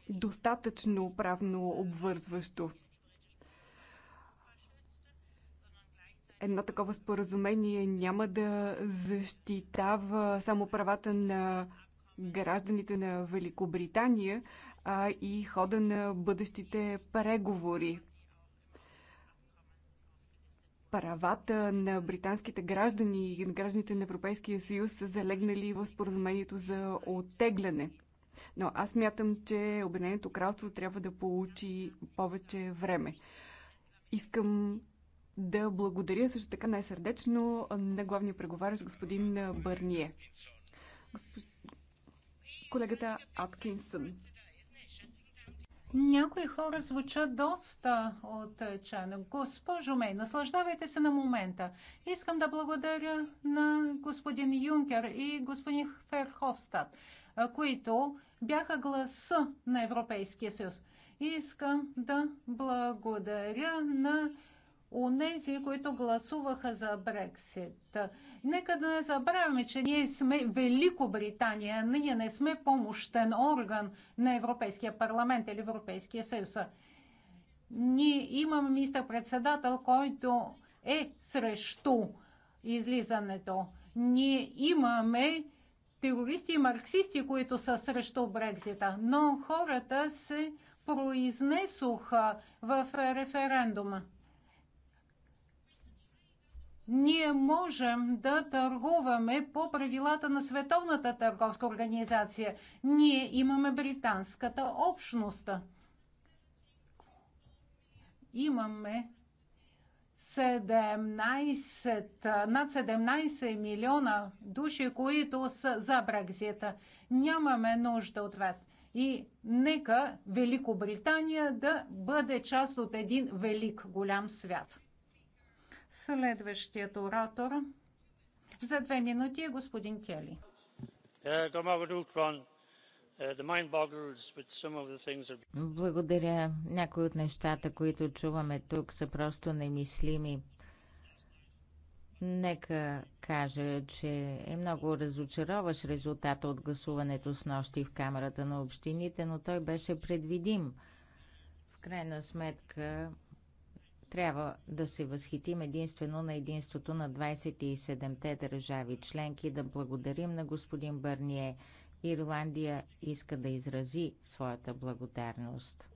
достатъчно правно обвързващо. едно такова споразумение няма да защитава само правата на гражданите на Великобритания, а и хода на бъдещите преговори. Правата на британските граждани и на гражданите на Европейския съюз са залегнали в споразумението за оттегляне. Но аз мятам, че Обединеното кралство трябва да получи повече време. Искам да благодаря също така най-сърдечно на главния преговарящ господин Бърние. Госпо... Колегата Аткинсън. Някои хора звучат доста отчаяно. Госпожо Мей, наслаждавайте се на момента. Искам да благодаря на господин Юнкер и господин Ферховстад, които бяха гласа на Европейския съюз. Искам да благодаря на Унези, които гласуваха за Брексит. Нека да не забравяме, че ние сме Великобритания, ние не сме помощен орган на Европейския парламент или Европейския съюз. Ние имаме министър-председател, който е срещу излизането. Ние имаме терористи и марксисти, които са срещу Брекзита, но хората се произнесоха в референдума ние можем да търгуваме по правилата на Световната търговска организация. Ние имаме британската общност. Имаме 17, над 17 милиона души, които са за Брекзита. Нямаме нужда от вас. И нека Великобритания да бъде част от един велик голям свят. Следващият оратор за две минути е господин Кели. Благодаря. Някои от нещата, които чуваме тук, са просто немислими. Нека кажа, че е много разочароваш резултата от гласуването с нощи в Камерата на общините, но той беше предвидим. В крайна сметка трябва да се възхитим единствено на единството на 27-те държави членки, да благодарим на господин Бърние. Ирландия иска да изрази своята благодарност.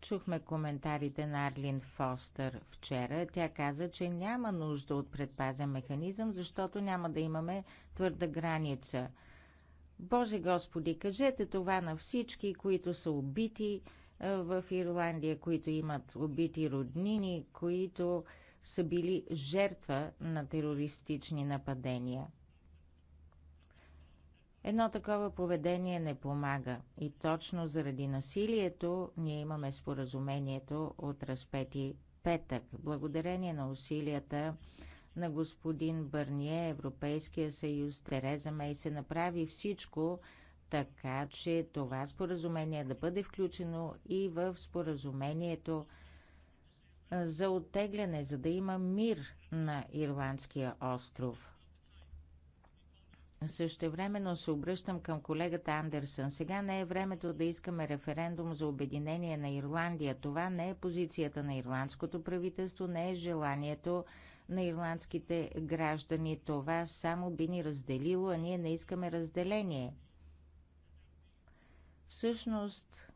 Чухме коментарите на Арлин Фостър вчера. Тя каза, че няма нужда от предпазен механизъм, защото няма да имаме твърда граница. Боже Господи, кажете това на всички, които са убити в Ирландия, които имат убити роднини, които са били жертва на терористични нападения. Едно такова поведение не помага и точно заради насилието ние имаме споразумението от разпети петък. Благодарение на усилията на господин Бърние, Европейския съюз, Тереза Мей се направи всичко, така че това споразумение да бъде включено и в споразумението за оттегляне, за да има мир на Ирландския остров. Същевременно се обръщам към колегата Андерсън. Сега не е времето да искаме референдум за обединение на Ирландия. Това не е позицията на ирландското правителство, не е желанието на ирландските граждани. Това само би ни разделило, а ние не искаме разделение. Всъщност,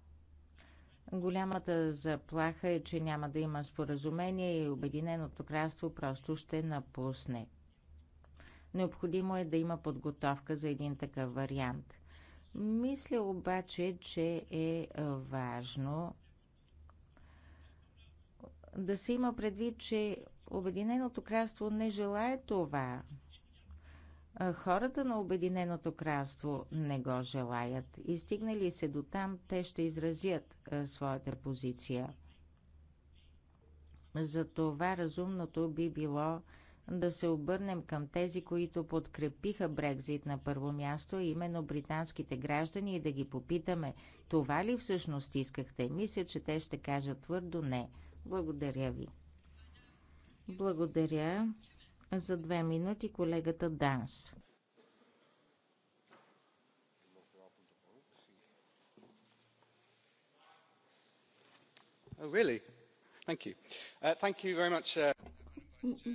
голямата заплаха е, че няма да има споразумение и Обединеното кралство просто ще напусне. Необходимо е да има подготовка за един такъв вариант. Мисля обаче, че е важно да се има предвид, че Обединеното кралство не желая това. Хората на Обединеното кралство не го желаят и стигнали се до там, те ще изразят своята позиция. Затова разумното би било да се обърнем към тези, които подкрепиха Брекзит на първо място, именно британските граждани и да ги попитаме, това ли всъщност искахте? Мисля, че те ще кажат твърдо не. Благодаря ви. Благодаря. За две минути колегата Данс. Oh, really? Thank you. Uh, thank you very much. Uh...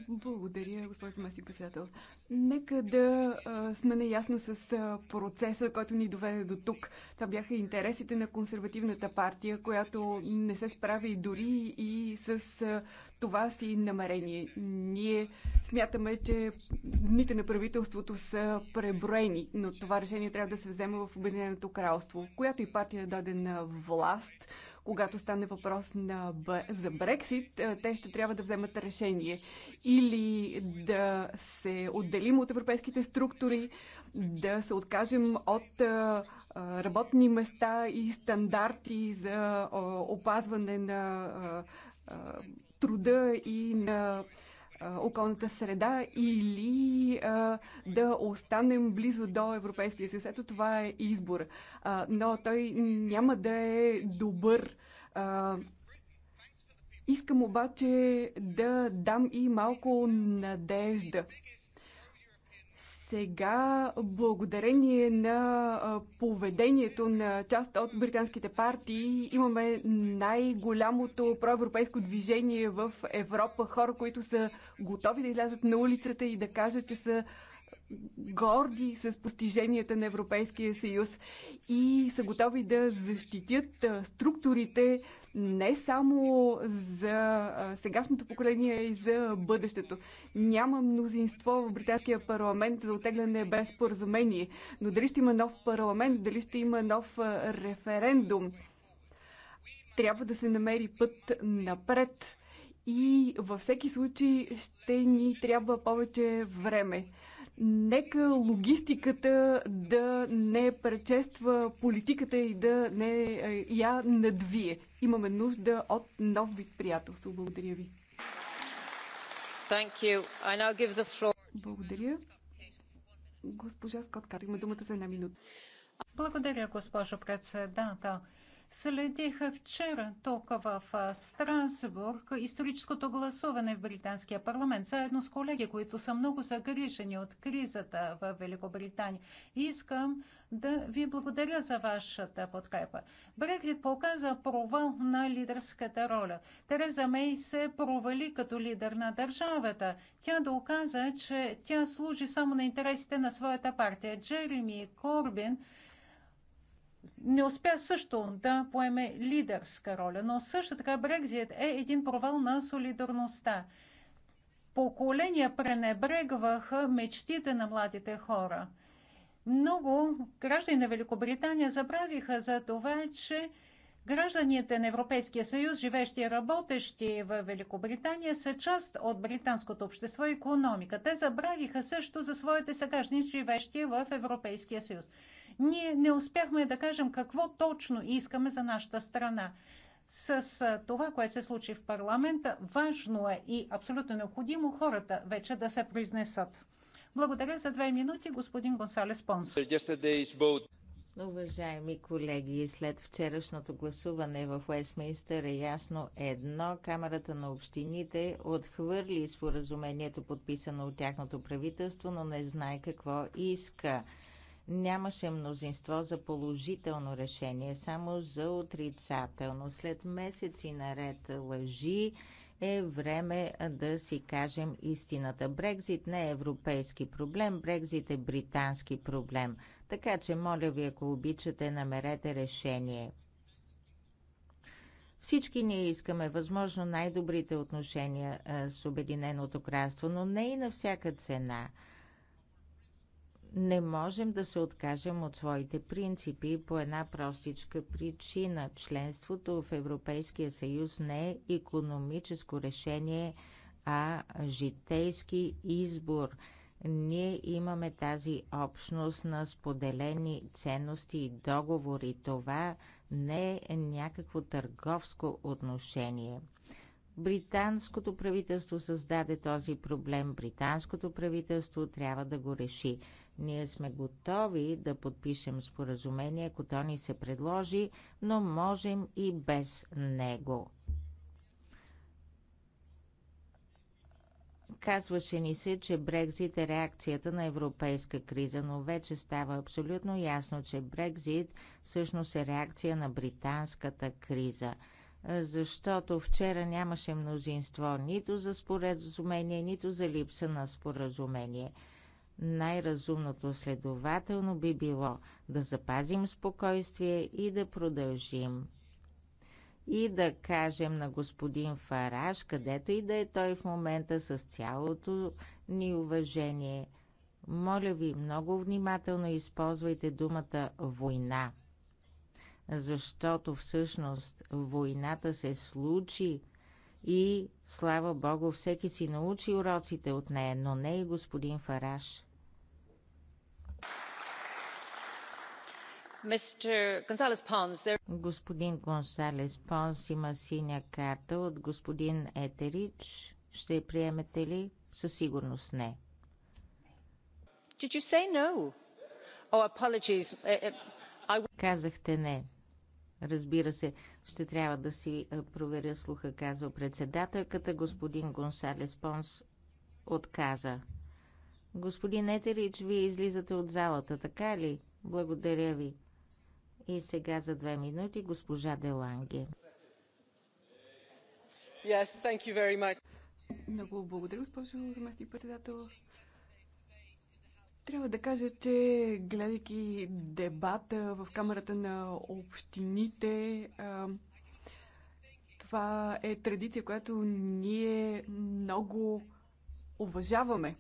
Благодаря, господин заместник председател. Нека да а, сме наясно с а, процеса, който ни доведе до тук. Това бяха интересите на консервативната партия, която не се справи дори и с а, това си намерение. Ние смятаме, че дните на правителството са преброени, но това решение трябва да се вземе в Обединеното кралство, която и партия да даде на власт. Когато стане въпрос на, за Брексит, е, те ще трябва да вземат решение. Или да се отделим от европейските структури, да се откажем от е, е, работни места и стандарти за опазване на труда и на околната среда или а, да останем близо до Европейския съюз. Ето това е избор. А, но той няма да е добър. А, искам обаче да дам и малко надежда сега, благодарение на поведението на част от британските партии, имаме най-голямото проевропейско движение в Европа. Хора, които са готови да излязат на улицата и да кажат, че са горди с постиженията на Европейския съюз и са готови да защитят структурите не само за сегашното поколение, а и за бъдещето. Няма мнозинство в британския парламент за отегляне без споразумение, но дали ще има нов парламент, дали ще има нов референдум, трябва да се намери път напред. И във всеки случай ще ни трябва повече време. Нека логистиката да не пречества политиката и да не е, я надвие. Имаме нужда от нов вид приятелство. Благодаря ви. Благодаря. Госпожа Скотка, има думата за една минута. Благодаря, госпожо председател. Следиха вчера тук в Страсбург историческото гласуване в Британския парламент, заедно с колеги, които са много загрижени от кризата в Великобритания. Искам да ви благодаря за вашата подкрепа. Брекзит показа провал на лидерската роля. Тереза Мей се провали като лидер на държавата. Тя доказа, че тя служи само на интересите на своята партия. Джереми Корбин – не успя също да поеме лидерска роля, но също така Брекзит е един провал на солидарността. Поколения пренебрегваха мечтите на младите хора. Много граждани на Великобритания забравиха за това, че Гражданите на Европейския съюз, живещи и работещи в Великобритания, са част от британското общество и економика. Те забравиха също за своите съграждани, живещи в Европейския съюз. Ние не успяхме да кажем какво точно искаме за нашата страна. С това, което се случи в парламента, важно е и абсолютно необходимо хората вече да се произнесат. Благодаря за две минути, господин Гонсалес Понс. Уважаеми колеги, след вчерашното гласуване в Уестминстър е ясно едно. Камерата на общините отхвърли споразумението, подписано от тяхното правителство, но не знае какво иска. Нямаше мнозинство за положително решение, само за отрицателно. След месеци наред лъжи е време да си кажем истината. Брекзит не е европейски проблем, Брекзит е британски проблем. Така че, моля ви, ако обичате, намерете решение. Всички ние искаме възможно най-добрите отношения с Обединеното кралство, но не и на всяка цена – не можем да се откажем от своите принципи по една простичка причина. Членството в Европейския съюз не е економическо решение, а житейски избор. Ние имаме тази общност на споделени ценности и договори. Това не е някакво търговско отношение. Британското правителство създаде този проблем. Британското правителство трябва да го реши. Ние сме готови да подпишем споразумение, ако то ни се предложи, но можем и без него. Казваше ни се, че Брекзит е реакцията на европейска криза, но вече става абсолютно ясно, че Брекзит всъщност е реакция на британската криза. Защото вчера нямаше мнозинство нито за споразумение, нито за липса на споразумение – най-разумното следователно би било да запазим спокойствие и да продължим. И да кажем на господин Фараш, където и да е той в момента с цялото ни уважение. Моля ви, много внимателно използвайте думата война. Защото всъщност войната се случи и, слава Богу, всеки си научи уроците от нея, но не и господин Фараш. Господин Гонсалес Понс има синя карта от господин Етерич. Ще я приемете ли? Със сигурност не. No? Oh, е, е, I... Казахте не. Разбира се, ще трябва да си е, проверя слуха, казва председателката. Господин Гонсалес Понс отказа. Господин Етерич, вие излизате от залата, така ли? Благодаря ви. И сега за две минути госпожа Деланге. Yes, thank you very much. Много благодаря, госпожо заместник председател. Трябва да кажа, че гледайки дебата в Камерата на общините, това е традиция, която ние много уважаваме.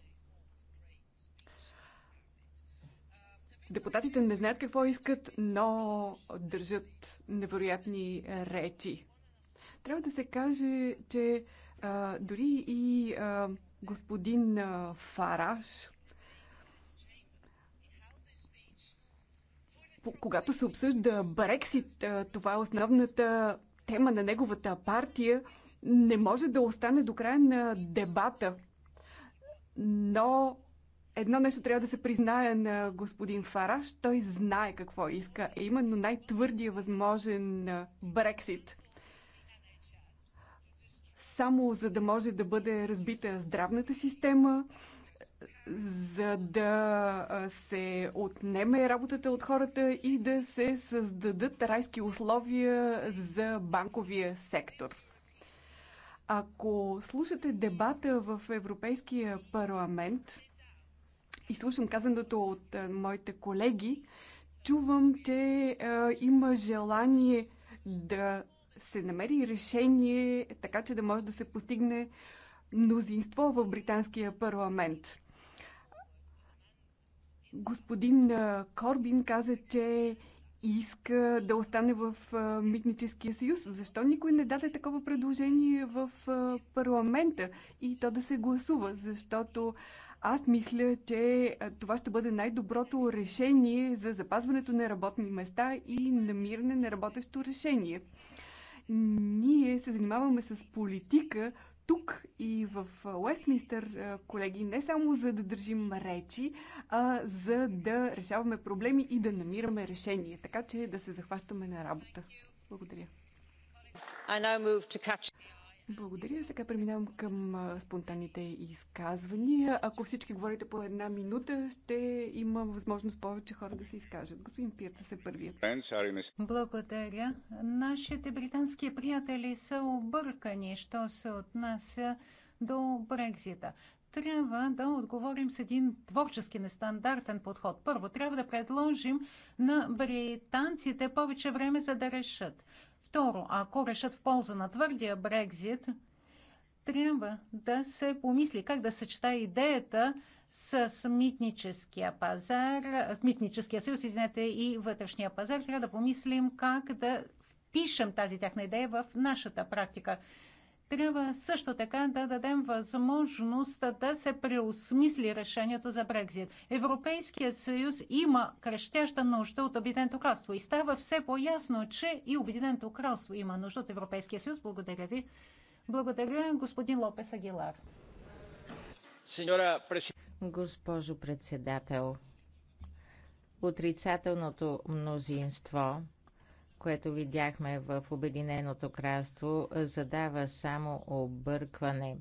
Депутатите не знаят какво искат, но държат невероятни речи. Трябва да се каже, че а, дори и а, господин а, Фараш, когато се обсъжда Брексит, това е основната тема на неговата партия, не може да остане до края на дебата. Но Едно нещо трябва да се признае на господин Фараш. Той знае какво иска, Е именно най-твърдия възможен Брексит. Само за да може да бъде разбита здравната система, за да се отнеме работата от хората и да се създадат райски условия за банковия сектор. Ако слушате дебата в Европейския парламент, и слушам казаното от е, моите колеги, чувам, че а, е, има желание да се намери решение, така че да може да се постигне мнозинство в британския парламент. Господин е, Корбин каза, че иска да остане в Митническия съюз. Защо никой не даде такова предложение в парламента и то да се гласува? Защото аз мисля, че това ще бъде най-доброто решение за запазването на работни места и намиране на работещо решение. Ние се занимаваме с политика тук и в Уестминстър, колеги, не само за да държим речи, а за да решаваме проблеми и да намираме решение, така че да се захващаме на работа. Благодаря. Благодаря. Сега преминавам към спонтанните изказвания. Ако всички говорите по една минута, ще има възможност повече хора да се изкажат. Господин Пирца се първият. Благодаря. Нашите британски приятели са объркани, що се отнася до Брекзита трябва да отговорим с един творчески нестандартен подход. Първо, трябва да предложим на британците повече време за да решат. Второ, ако решат в полза на твърдия Брекзит, трябва да се помисли как да съчета идеята с митническия пазар, с митническия съюз, извинете, и вътрешния пазар. Трябва да помислим как да впишем тази тяхна идея в нашата практика. Трябва също така да дадем възможност да се преосмисли решението за Брекзит. Европейският съюз има крещяща нужда от Обединеното кралство и става все по-ясно, че и Обединеното кралство има нужда от Европейския съюз. Благодаря ви. Благодаря, господин Лопес Агилар. Госпожо председател, отрицателното мнозинство – което видяхме в Обединеното кралство, задава само объркване.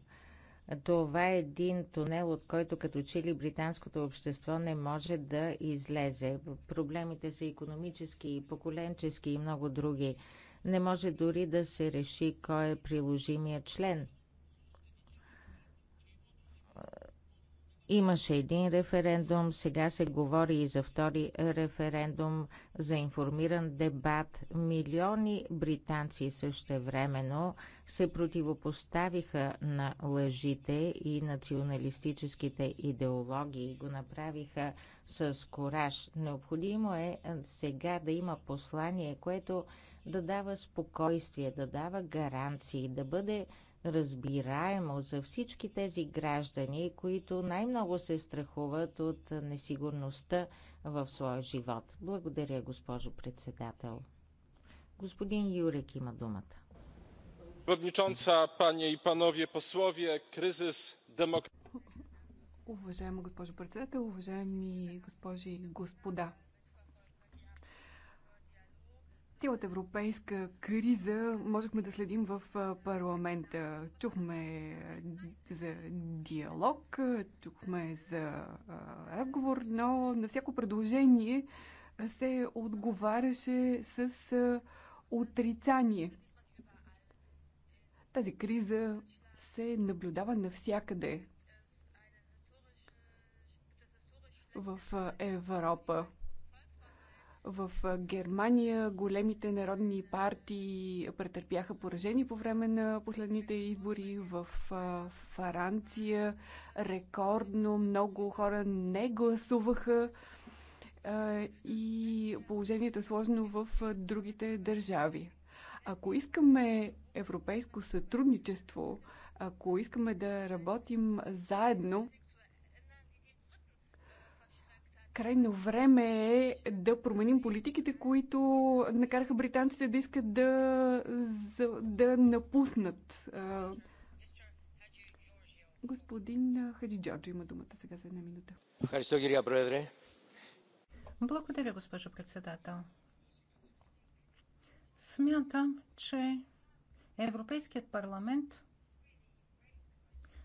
Това е един тунел, от който като че ли британското общество не може да излезе. Проблемите са економически, поколенчески и много други. Не може дори да се реши кой е приложимия член – Имаше един референдум, сега се говори и за втори референдум, за информиран дебат. Милиони британци също времено се противопоставиха на лъжите и националистическите идеологии. Го направиха с кораж. Необходимо е сега да има послание, което да дава спокойствие, да дава гаранции, да бъде разбираемо за всички тези граждани, които най-много се страхуват от несигурността в своя живот. Благодаря, госпожо председател. Господин Юрек има думата. Przewodnicząca, пани и панове posłowie, кризис demokratyczny. Уважаема госпожо председател, уважаеми госпожи и господа. Цялата европейска криза можехме да следим в парламента. Чухме за диалог, чухме за разговор, но на всяко предложение се отговаряше с отрицание. Тази криза се наблюдава навсякъде в Европа. В Германия големите народни партии претърпяха поражение по време на последните избори. В Франция рекордно много хора не гласуваха и положението е сложно в другите държави. Ако искаме европейско сътрудничество, ако искаме да работим заедно, Крайно време е да променим политиките, които накараха британците да искат да, да напуснат. Господин Хаджи Джорджо има думата сега за една минута. Благодаря, госпожо председател. Смятам, че Европейският парламент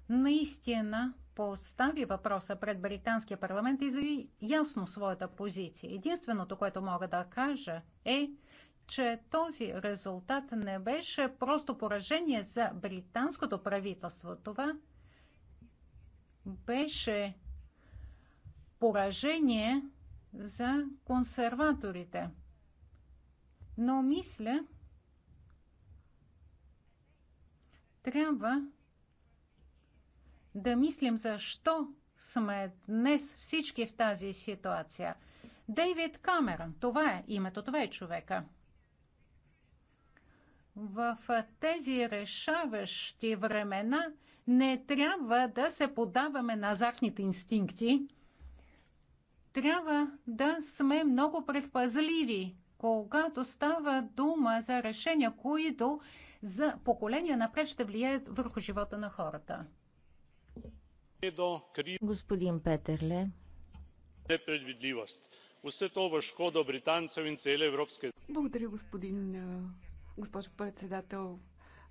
наистина постави въпроса пред британския парламент и заяви ясно своята позиция. Единственото, което мога да кажа е, че този резултат не беше просто поражение за британското правителство. Това беше поражение за консерваторите. Но мисля, трябва да мислим защо сме днес всички в тази ситуация. Дейвид Камерън, това е името, това е човека. В тези решаващи времена не трябва да се подаваме на азартните инстинкти. Трябва да сме много предпазливи, когато става дума за решения, които за поколения напред ще влияят върху живота на хората. Господин Петърле. Непредвидливост. Благодаря, господин, госпожо председател.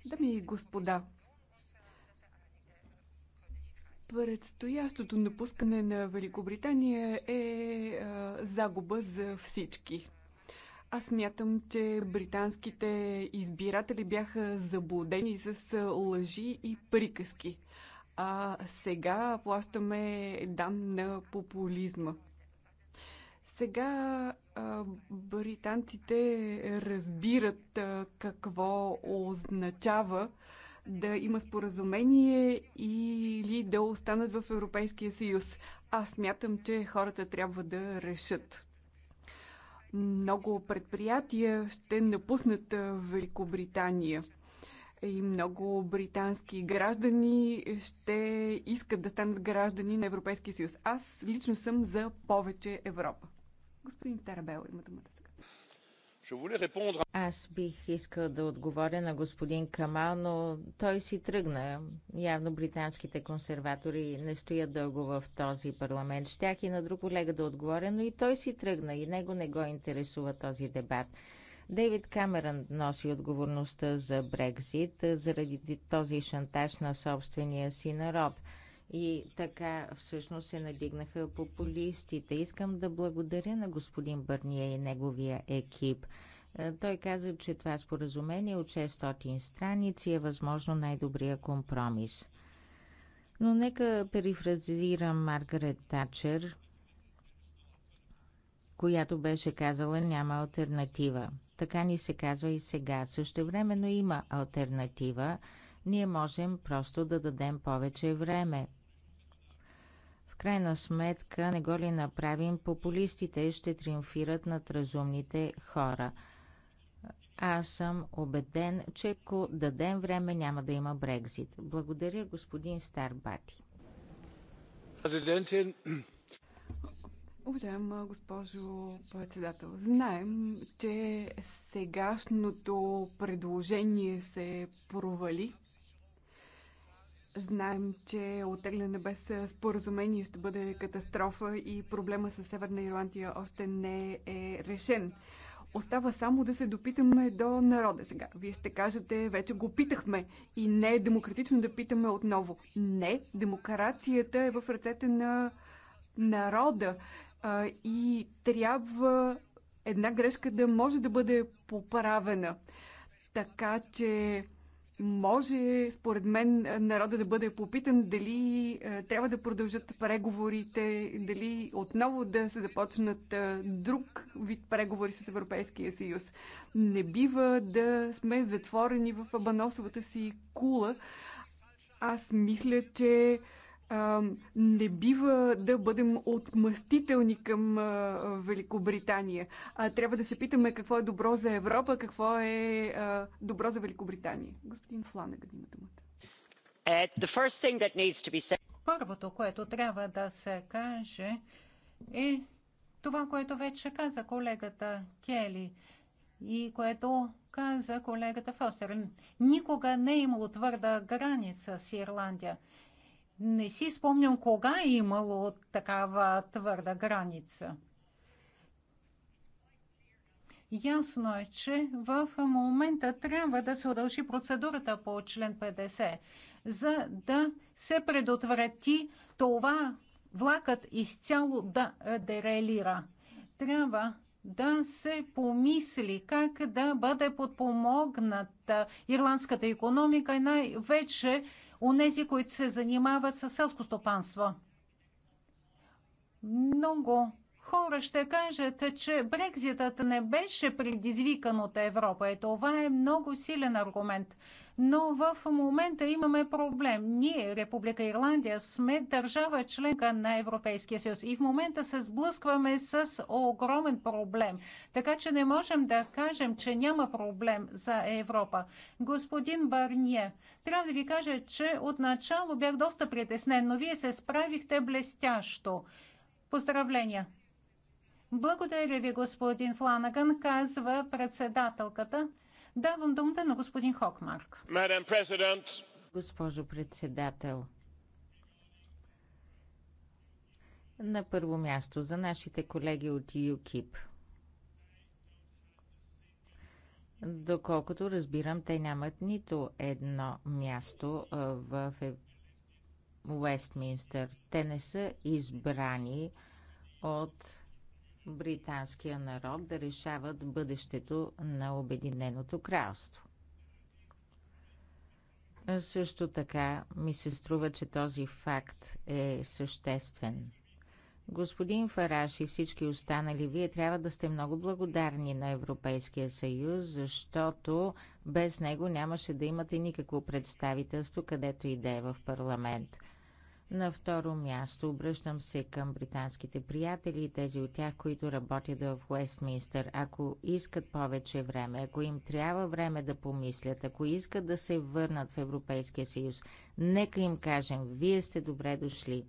Дами и господа, предстоящото напускане на Великобритания е а, загуба за всички. Аз мятам, че британските избиратели бяха заблудени с лъжи и приказки а сега плащаме дан на популизма. Сега а, британците разбират а, какво означава да има споразумение или да останат в Европейския съюз. Аз смятам, че хората трябва да решат. Много предприятия ще напуснат Великобритания – и много британски граждани ще искат да станат граждани на Европейския съюз. Аз лично съм за повече Европа. Господин Тарабел, има думата сега. Аз бих искал да отговоря на господин Камал, но той си тръгна. Явно британските консерватори не стоят дълго в този парламент. Щях и на друг колега да отговоря, но и той си тръгна и него не го интересува този дебат. Дейвид Камерън носи отговорността за Брекзит заради този шантаж на собствения си народ. И така всъщност се надигнаха популистите. Искам да благодаря на господин Бърния и неговия екип. Той каза, че това споразумение от 600 страници е възможно най-добрия компромис. Но нека перифразирам Маргарет Тачер, която беше казала няма альтернатива. Така ни се казва и сега. Също времено има альтернатива. Ние можем просто да дадем повече време. В крайна сметка, не го ли направим, популистите ще триумфират над разумните хора. Аз съм убеден, че ако дадем време, няма да има Брекзит. Благодаря, господин Старбати. Президентин, Уважаема госпожо председател, знаем, че сегашното предложение се провали. Знаем, че отегляне без споразумение ще бъде катастрофа и проблема с Северна Ирландия още не е решен. Остава само да се допитаме до народа сега. Вие ще кажете, вече го питахме и не е демократично да питаме отново. Не, демокрацията е в ръцете на народа а, и трябва една грешка да може да бъде поправена. Така че може, според мен, народа да бъде попитан дали трябва да продължат преговорите, дали отново да се започнат друг вид преговори с Европейския съюз. Не бива да сме затворени в абаносовата си кула. Аз мисля, че а, не бива да бъдем отмъстителни към а, Великобритания. А, трябва да се питаме какво е добро за Европа, какво е а, добро за Великобритания. Господин Фланаган има думата. Е, Първото, което трябва да се каже е това, което вече каза колегата Кели и което каза колегата Фостер. Никога не е имало твърда граница с Ирландия. Не си спомням кога е имало такава твърда граница. Ясно е, че в момента трябва да се удължи процедурата по член 50, за да се предотврати това влакът изцяло да дерелира. Трябва да се помисли как да бъде подпомогната ирландската економика и най-вече онези, които се занимават с селско стопанство. Много хора ще кажат, че Брекзитът не беше предизвикан от Европа. И е, това е много силен аргумент но в момента имаме проблем. Ние, Република Ирландия, сме държава членка на Европейския съюз и в момента се сблъскваме с огромен проблем. Така че не можем да кажем, че няма проблем за Европа. Господин Барние, трябва да ви кажа, че отначало бях доста притеснен, но вие се справихте блестящо. Поздравления! Благодаря ви, господин Фланаган, казва председателката. Давам думата на господин Хокмарк. Госпожо председател, на първо място за нашите колеги от ЮКИП. Доколкото разбирам, те нямат нито едно място в е- Уестминстър. Те не са избрани от британския народ да решават бъдещето на Обединеното кралство. Също така ми се струва, че този факт е съществен. Господин Фараш и всички останали, вие трябва да сте много благодарни на Европейския съюз, защото без него нямаше да имате никакво представителство, където и да е в парламент – на второ място обръщам се към британските приятели и тези от тях, които работят в Уестминстър. Ако искат повече време, ако им трябва време да помислят, ако искат да се върнат в Европейския съюз, нека им кажем, вие сте добре дошли.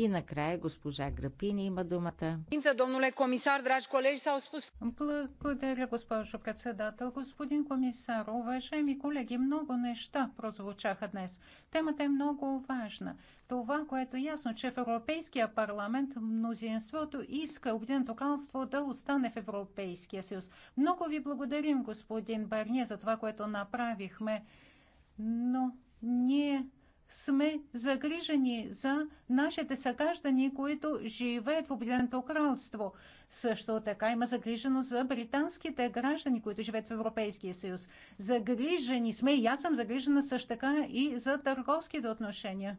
И накрая госпожа Грапини има думата. Домнуле комисар, драж колеги, са спус... Благодаря, госпожо председател. Господин комисар, уважаеми колеги, много неща прозвучаха днес. Темата е много важна. Това, което е ясно, че в Европейския парламент мнозинството иска Обединеното кралство да остане в Европейския съюз. Много ви благодарим, господин Барния, за това, което направихме. Но ние сме загрижени за нашите съграждани, които живеят в Обединеното кралство. Също така има загриженост за британските граждани, които живеят в Европейския съюз. Загрижени сме и аз съм загрижена също така и за търговските отношения.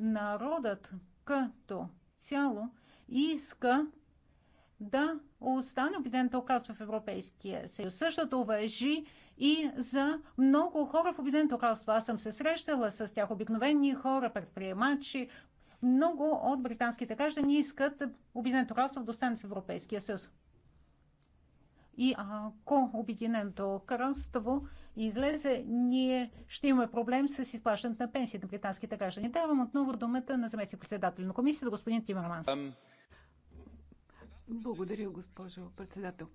Народът като цяло иска да остане Обединеното кралство в Европейския съюз. Същото въжи и за много хора в Обединеното кралство. Аз съм се срещала с тях, обикновени хора, предприемачи. Много от британските граждани искат Обединеното кралство да остане в Европейския съюз. И ако Обединеното кралство излезе, ние ще имаме проблем с изплащането на пенсии на британските граждани. Давам отново думата на заместник председател на комисията, господин Тимерманс. Благодаря, госпожо председател.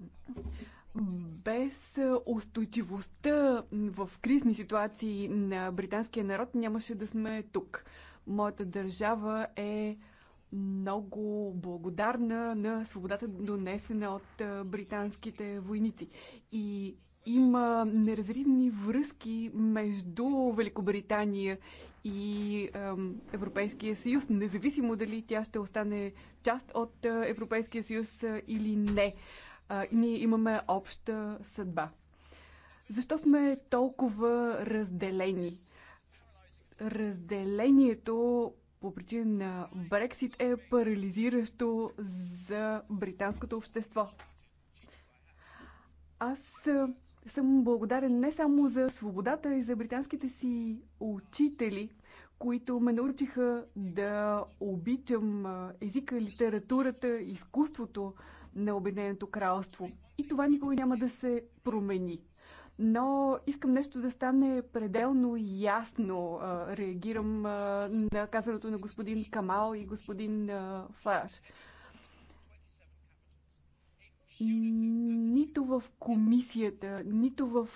Без устойчивостта в кризни ситуации на британския народ нямаше да сме тук. Моята държава е много благодарна на свободата, донесена от британските войници. И има неразривни връзки между Великобритания и Европейския съюз, независимо дали тя ще остане част от Европейския съюз или не. Ние имаме обща съдба. Защо сме толкова разделени? Разделението по причина на Брексит е парализиращо за британското общество. Аз съм благодарен не само за свободата и за британските си учители, които ме научиха да обичам езика, литературата, изкуството на Обединеното кралство. И това никога няма да се промени. Но искам нещо да стане пределно ясно. Реагирам на казаното на господин Камал и господин Фараш нито в комисията, нито в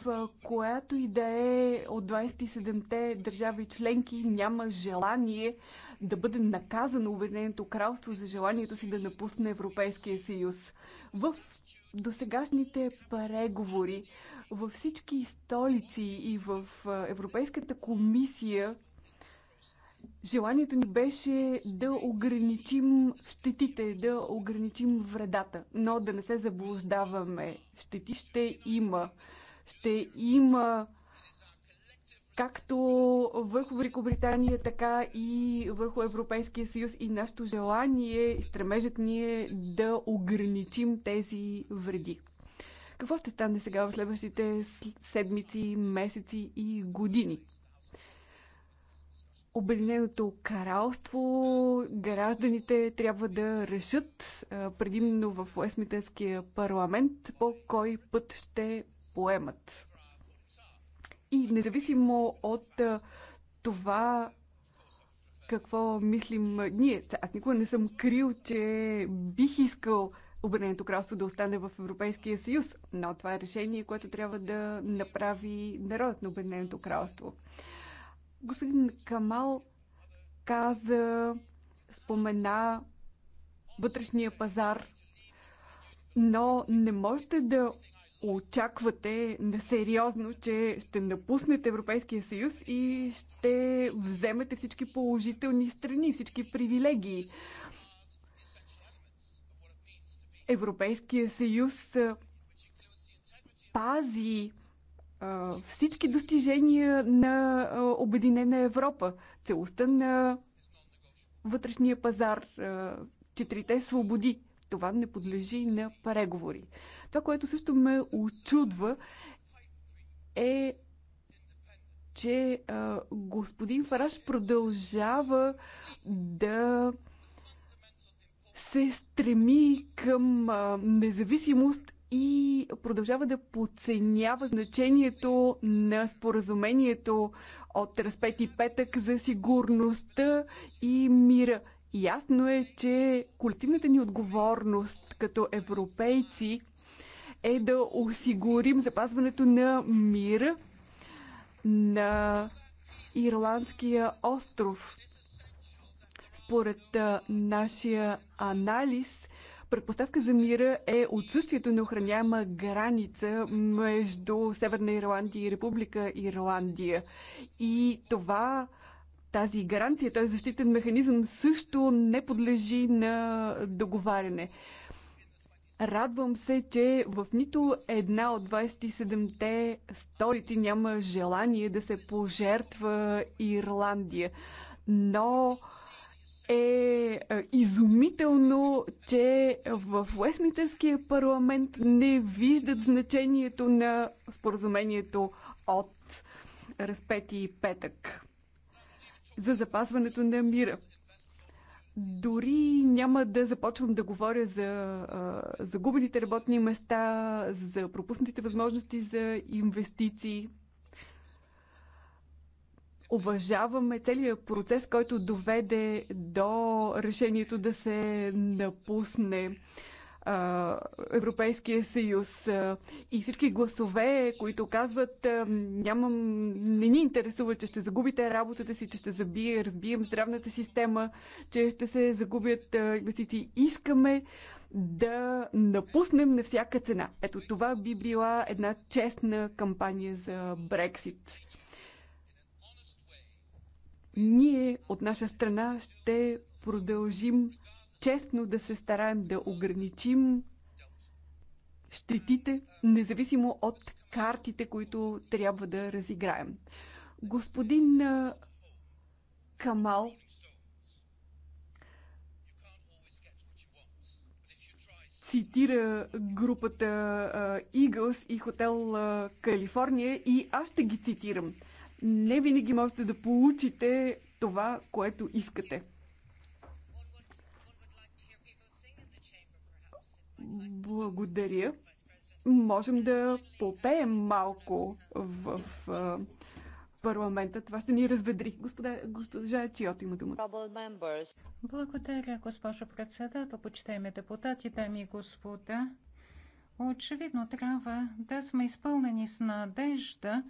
която и да е от 27-те държави членки няма желание да бъде наказано Обединеното кралство за желанието си да напусне Европейския съюз. В досегашните преговори във всички столици и в Европейската комисия Желанието ни беше да ограничим щетите, да ограничим вредата, но да не се заблуждаваме. Щети ще има. Ще има както върху Великобритания, така и върху Европейския съюз. И нашето желание, стремежът ни е да ограничим тези вреди. Какво ще стане сега в следващите седмици, месеци и години? Обединеното кралство, гражданите трябва да решат, предимно в Уестмитърския парламент, по кой път ще поемат. И независимо от това какво мислим ние, аз никога не съм крил, че бих искал Обединеното кралство да остане в Европейския съюз, но това е решение, което трябва да направи народът на Обединеното кралство. Господин Камал каза, спомена вътрешния пазар, но не можете да очаквате несериозно, че ще напуснете Европейския съюз и ще вземете всички положителни страни, всички привилегии. Европейския съюз пази всички достижения на Обединена Европа, целостта на вътрешния пазар, четирите свободи. Това не подлежи на преговори. Това, което също ме очудва е, че господин Фараш продължава да се стреми към независимост и продължава да подценява значението на споразумението от разпети петък за сигурността и мира. Ясно е, че колективната ни отговорност като европейци е да осигурим запазването на мира на Ирландския остров. Според нашия анализ – Предпоставка за мира е отсъствието на охраняема граница между Северна Ирландия и Република Ирландия. И това тази гаранция, този защитен механизъм също не подлежи на договаряне. Радвам се, че в нито една от 27-те столици няма желание да се пожертва Ирландия. Но е, е изумително, че в Уестминстерския парламент не виждат значението на споразумението от разпети и петък за запазването на мира. Дори няма да започвам да говоря за загубените работни места, за пропуснатите възможности за инвестиции уважаваме целият процес, който доведе до решението да се напусне а, Европейския съюз а, и всички гласове, които казват а, нямам, не ни интересува, че ще загубите работата си, че ще забие, разбием здравната система, че ще се загубят инвестиции. Искаме да напуснем на всяка цена. Ето това би била една честна кампания за Брексит. Ние от наша страна ще продължим честно да се стараем да ограничим щетите, независимо от картите, които трябва да разиграем. Господин Камал цитира групата Eagles и Хотел Калифорния и аз ще ги цитирам не винаги можете да получите това, което искате. Благодаря. Можем да попеем малко в, парламента. Това ще ни разведри. Господа, госпожа Чиото има думата. Благодаря, госпожо председател, почитаеми депутати, дами и господа. Очевидно трябва да сме изпълнени с надежда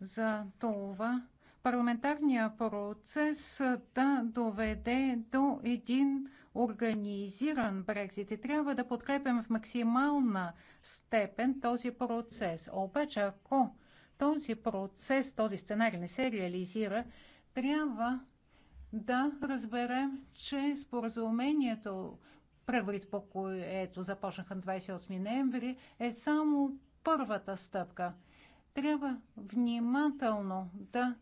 за това парламентарния процес да доведе до един организиран Брекзит и трябва да подкрепим в максимална степен този процес. Обаче, ако този процес, този сценарий не се реализира, трябва да разберем, че споразумението, преврит по което започнаха на 28 ноември, е само първата стъпка – трябва внимателно да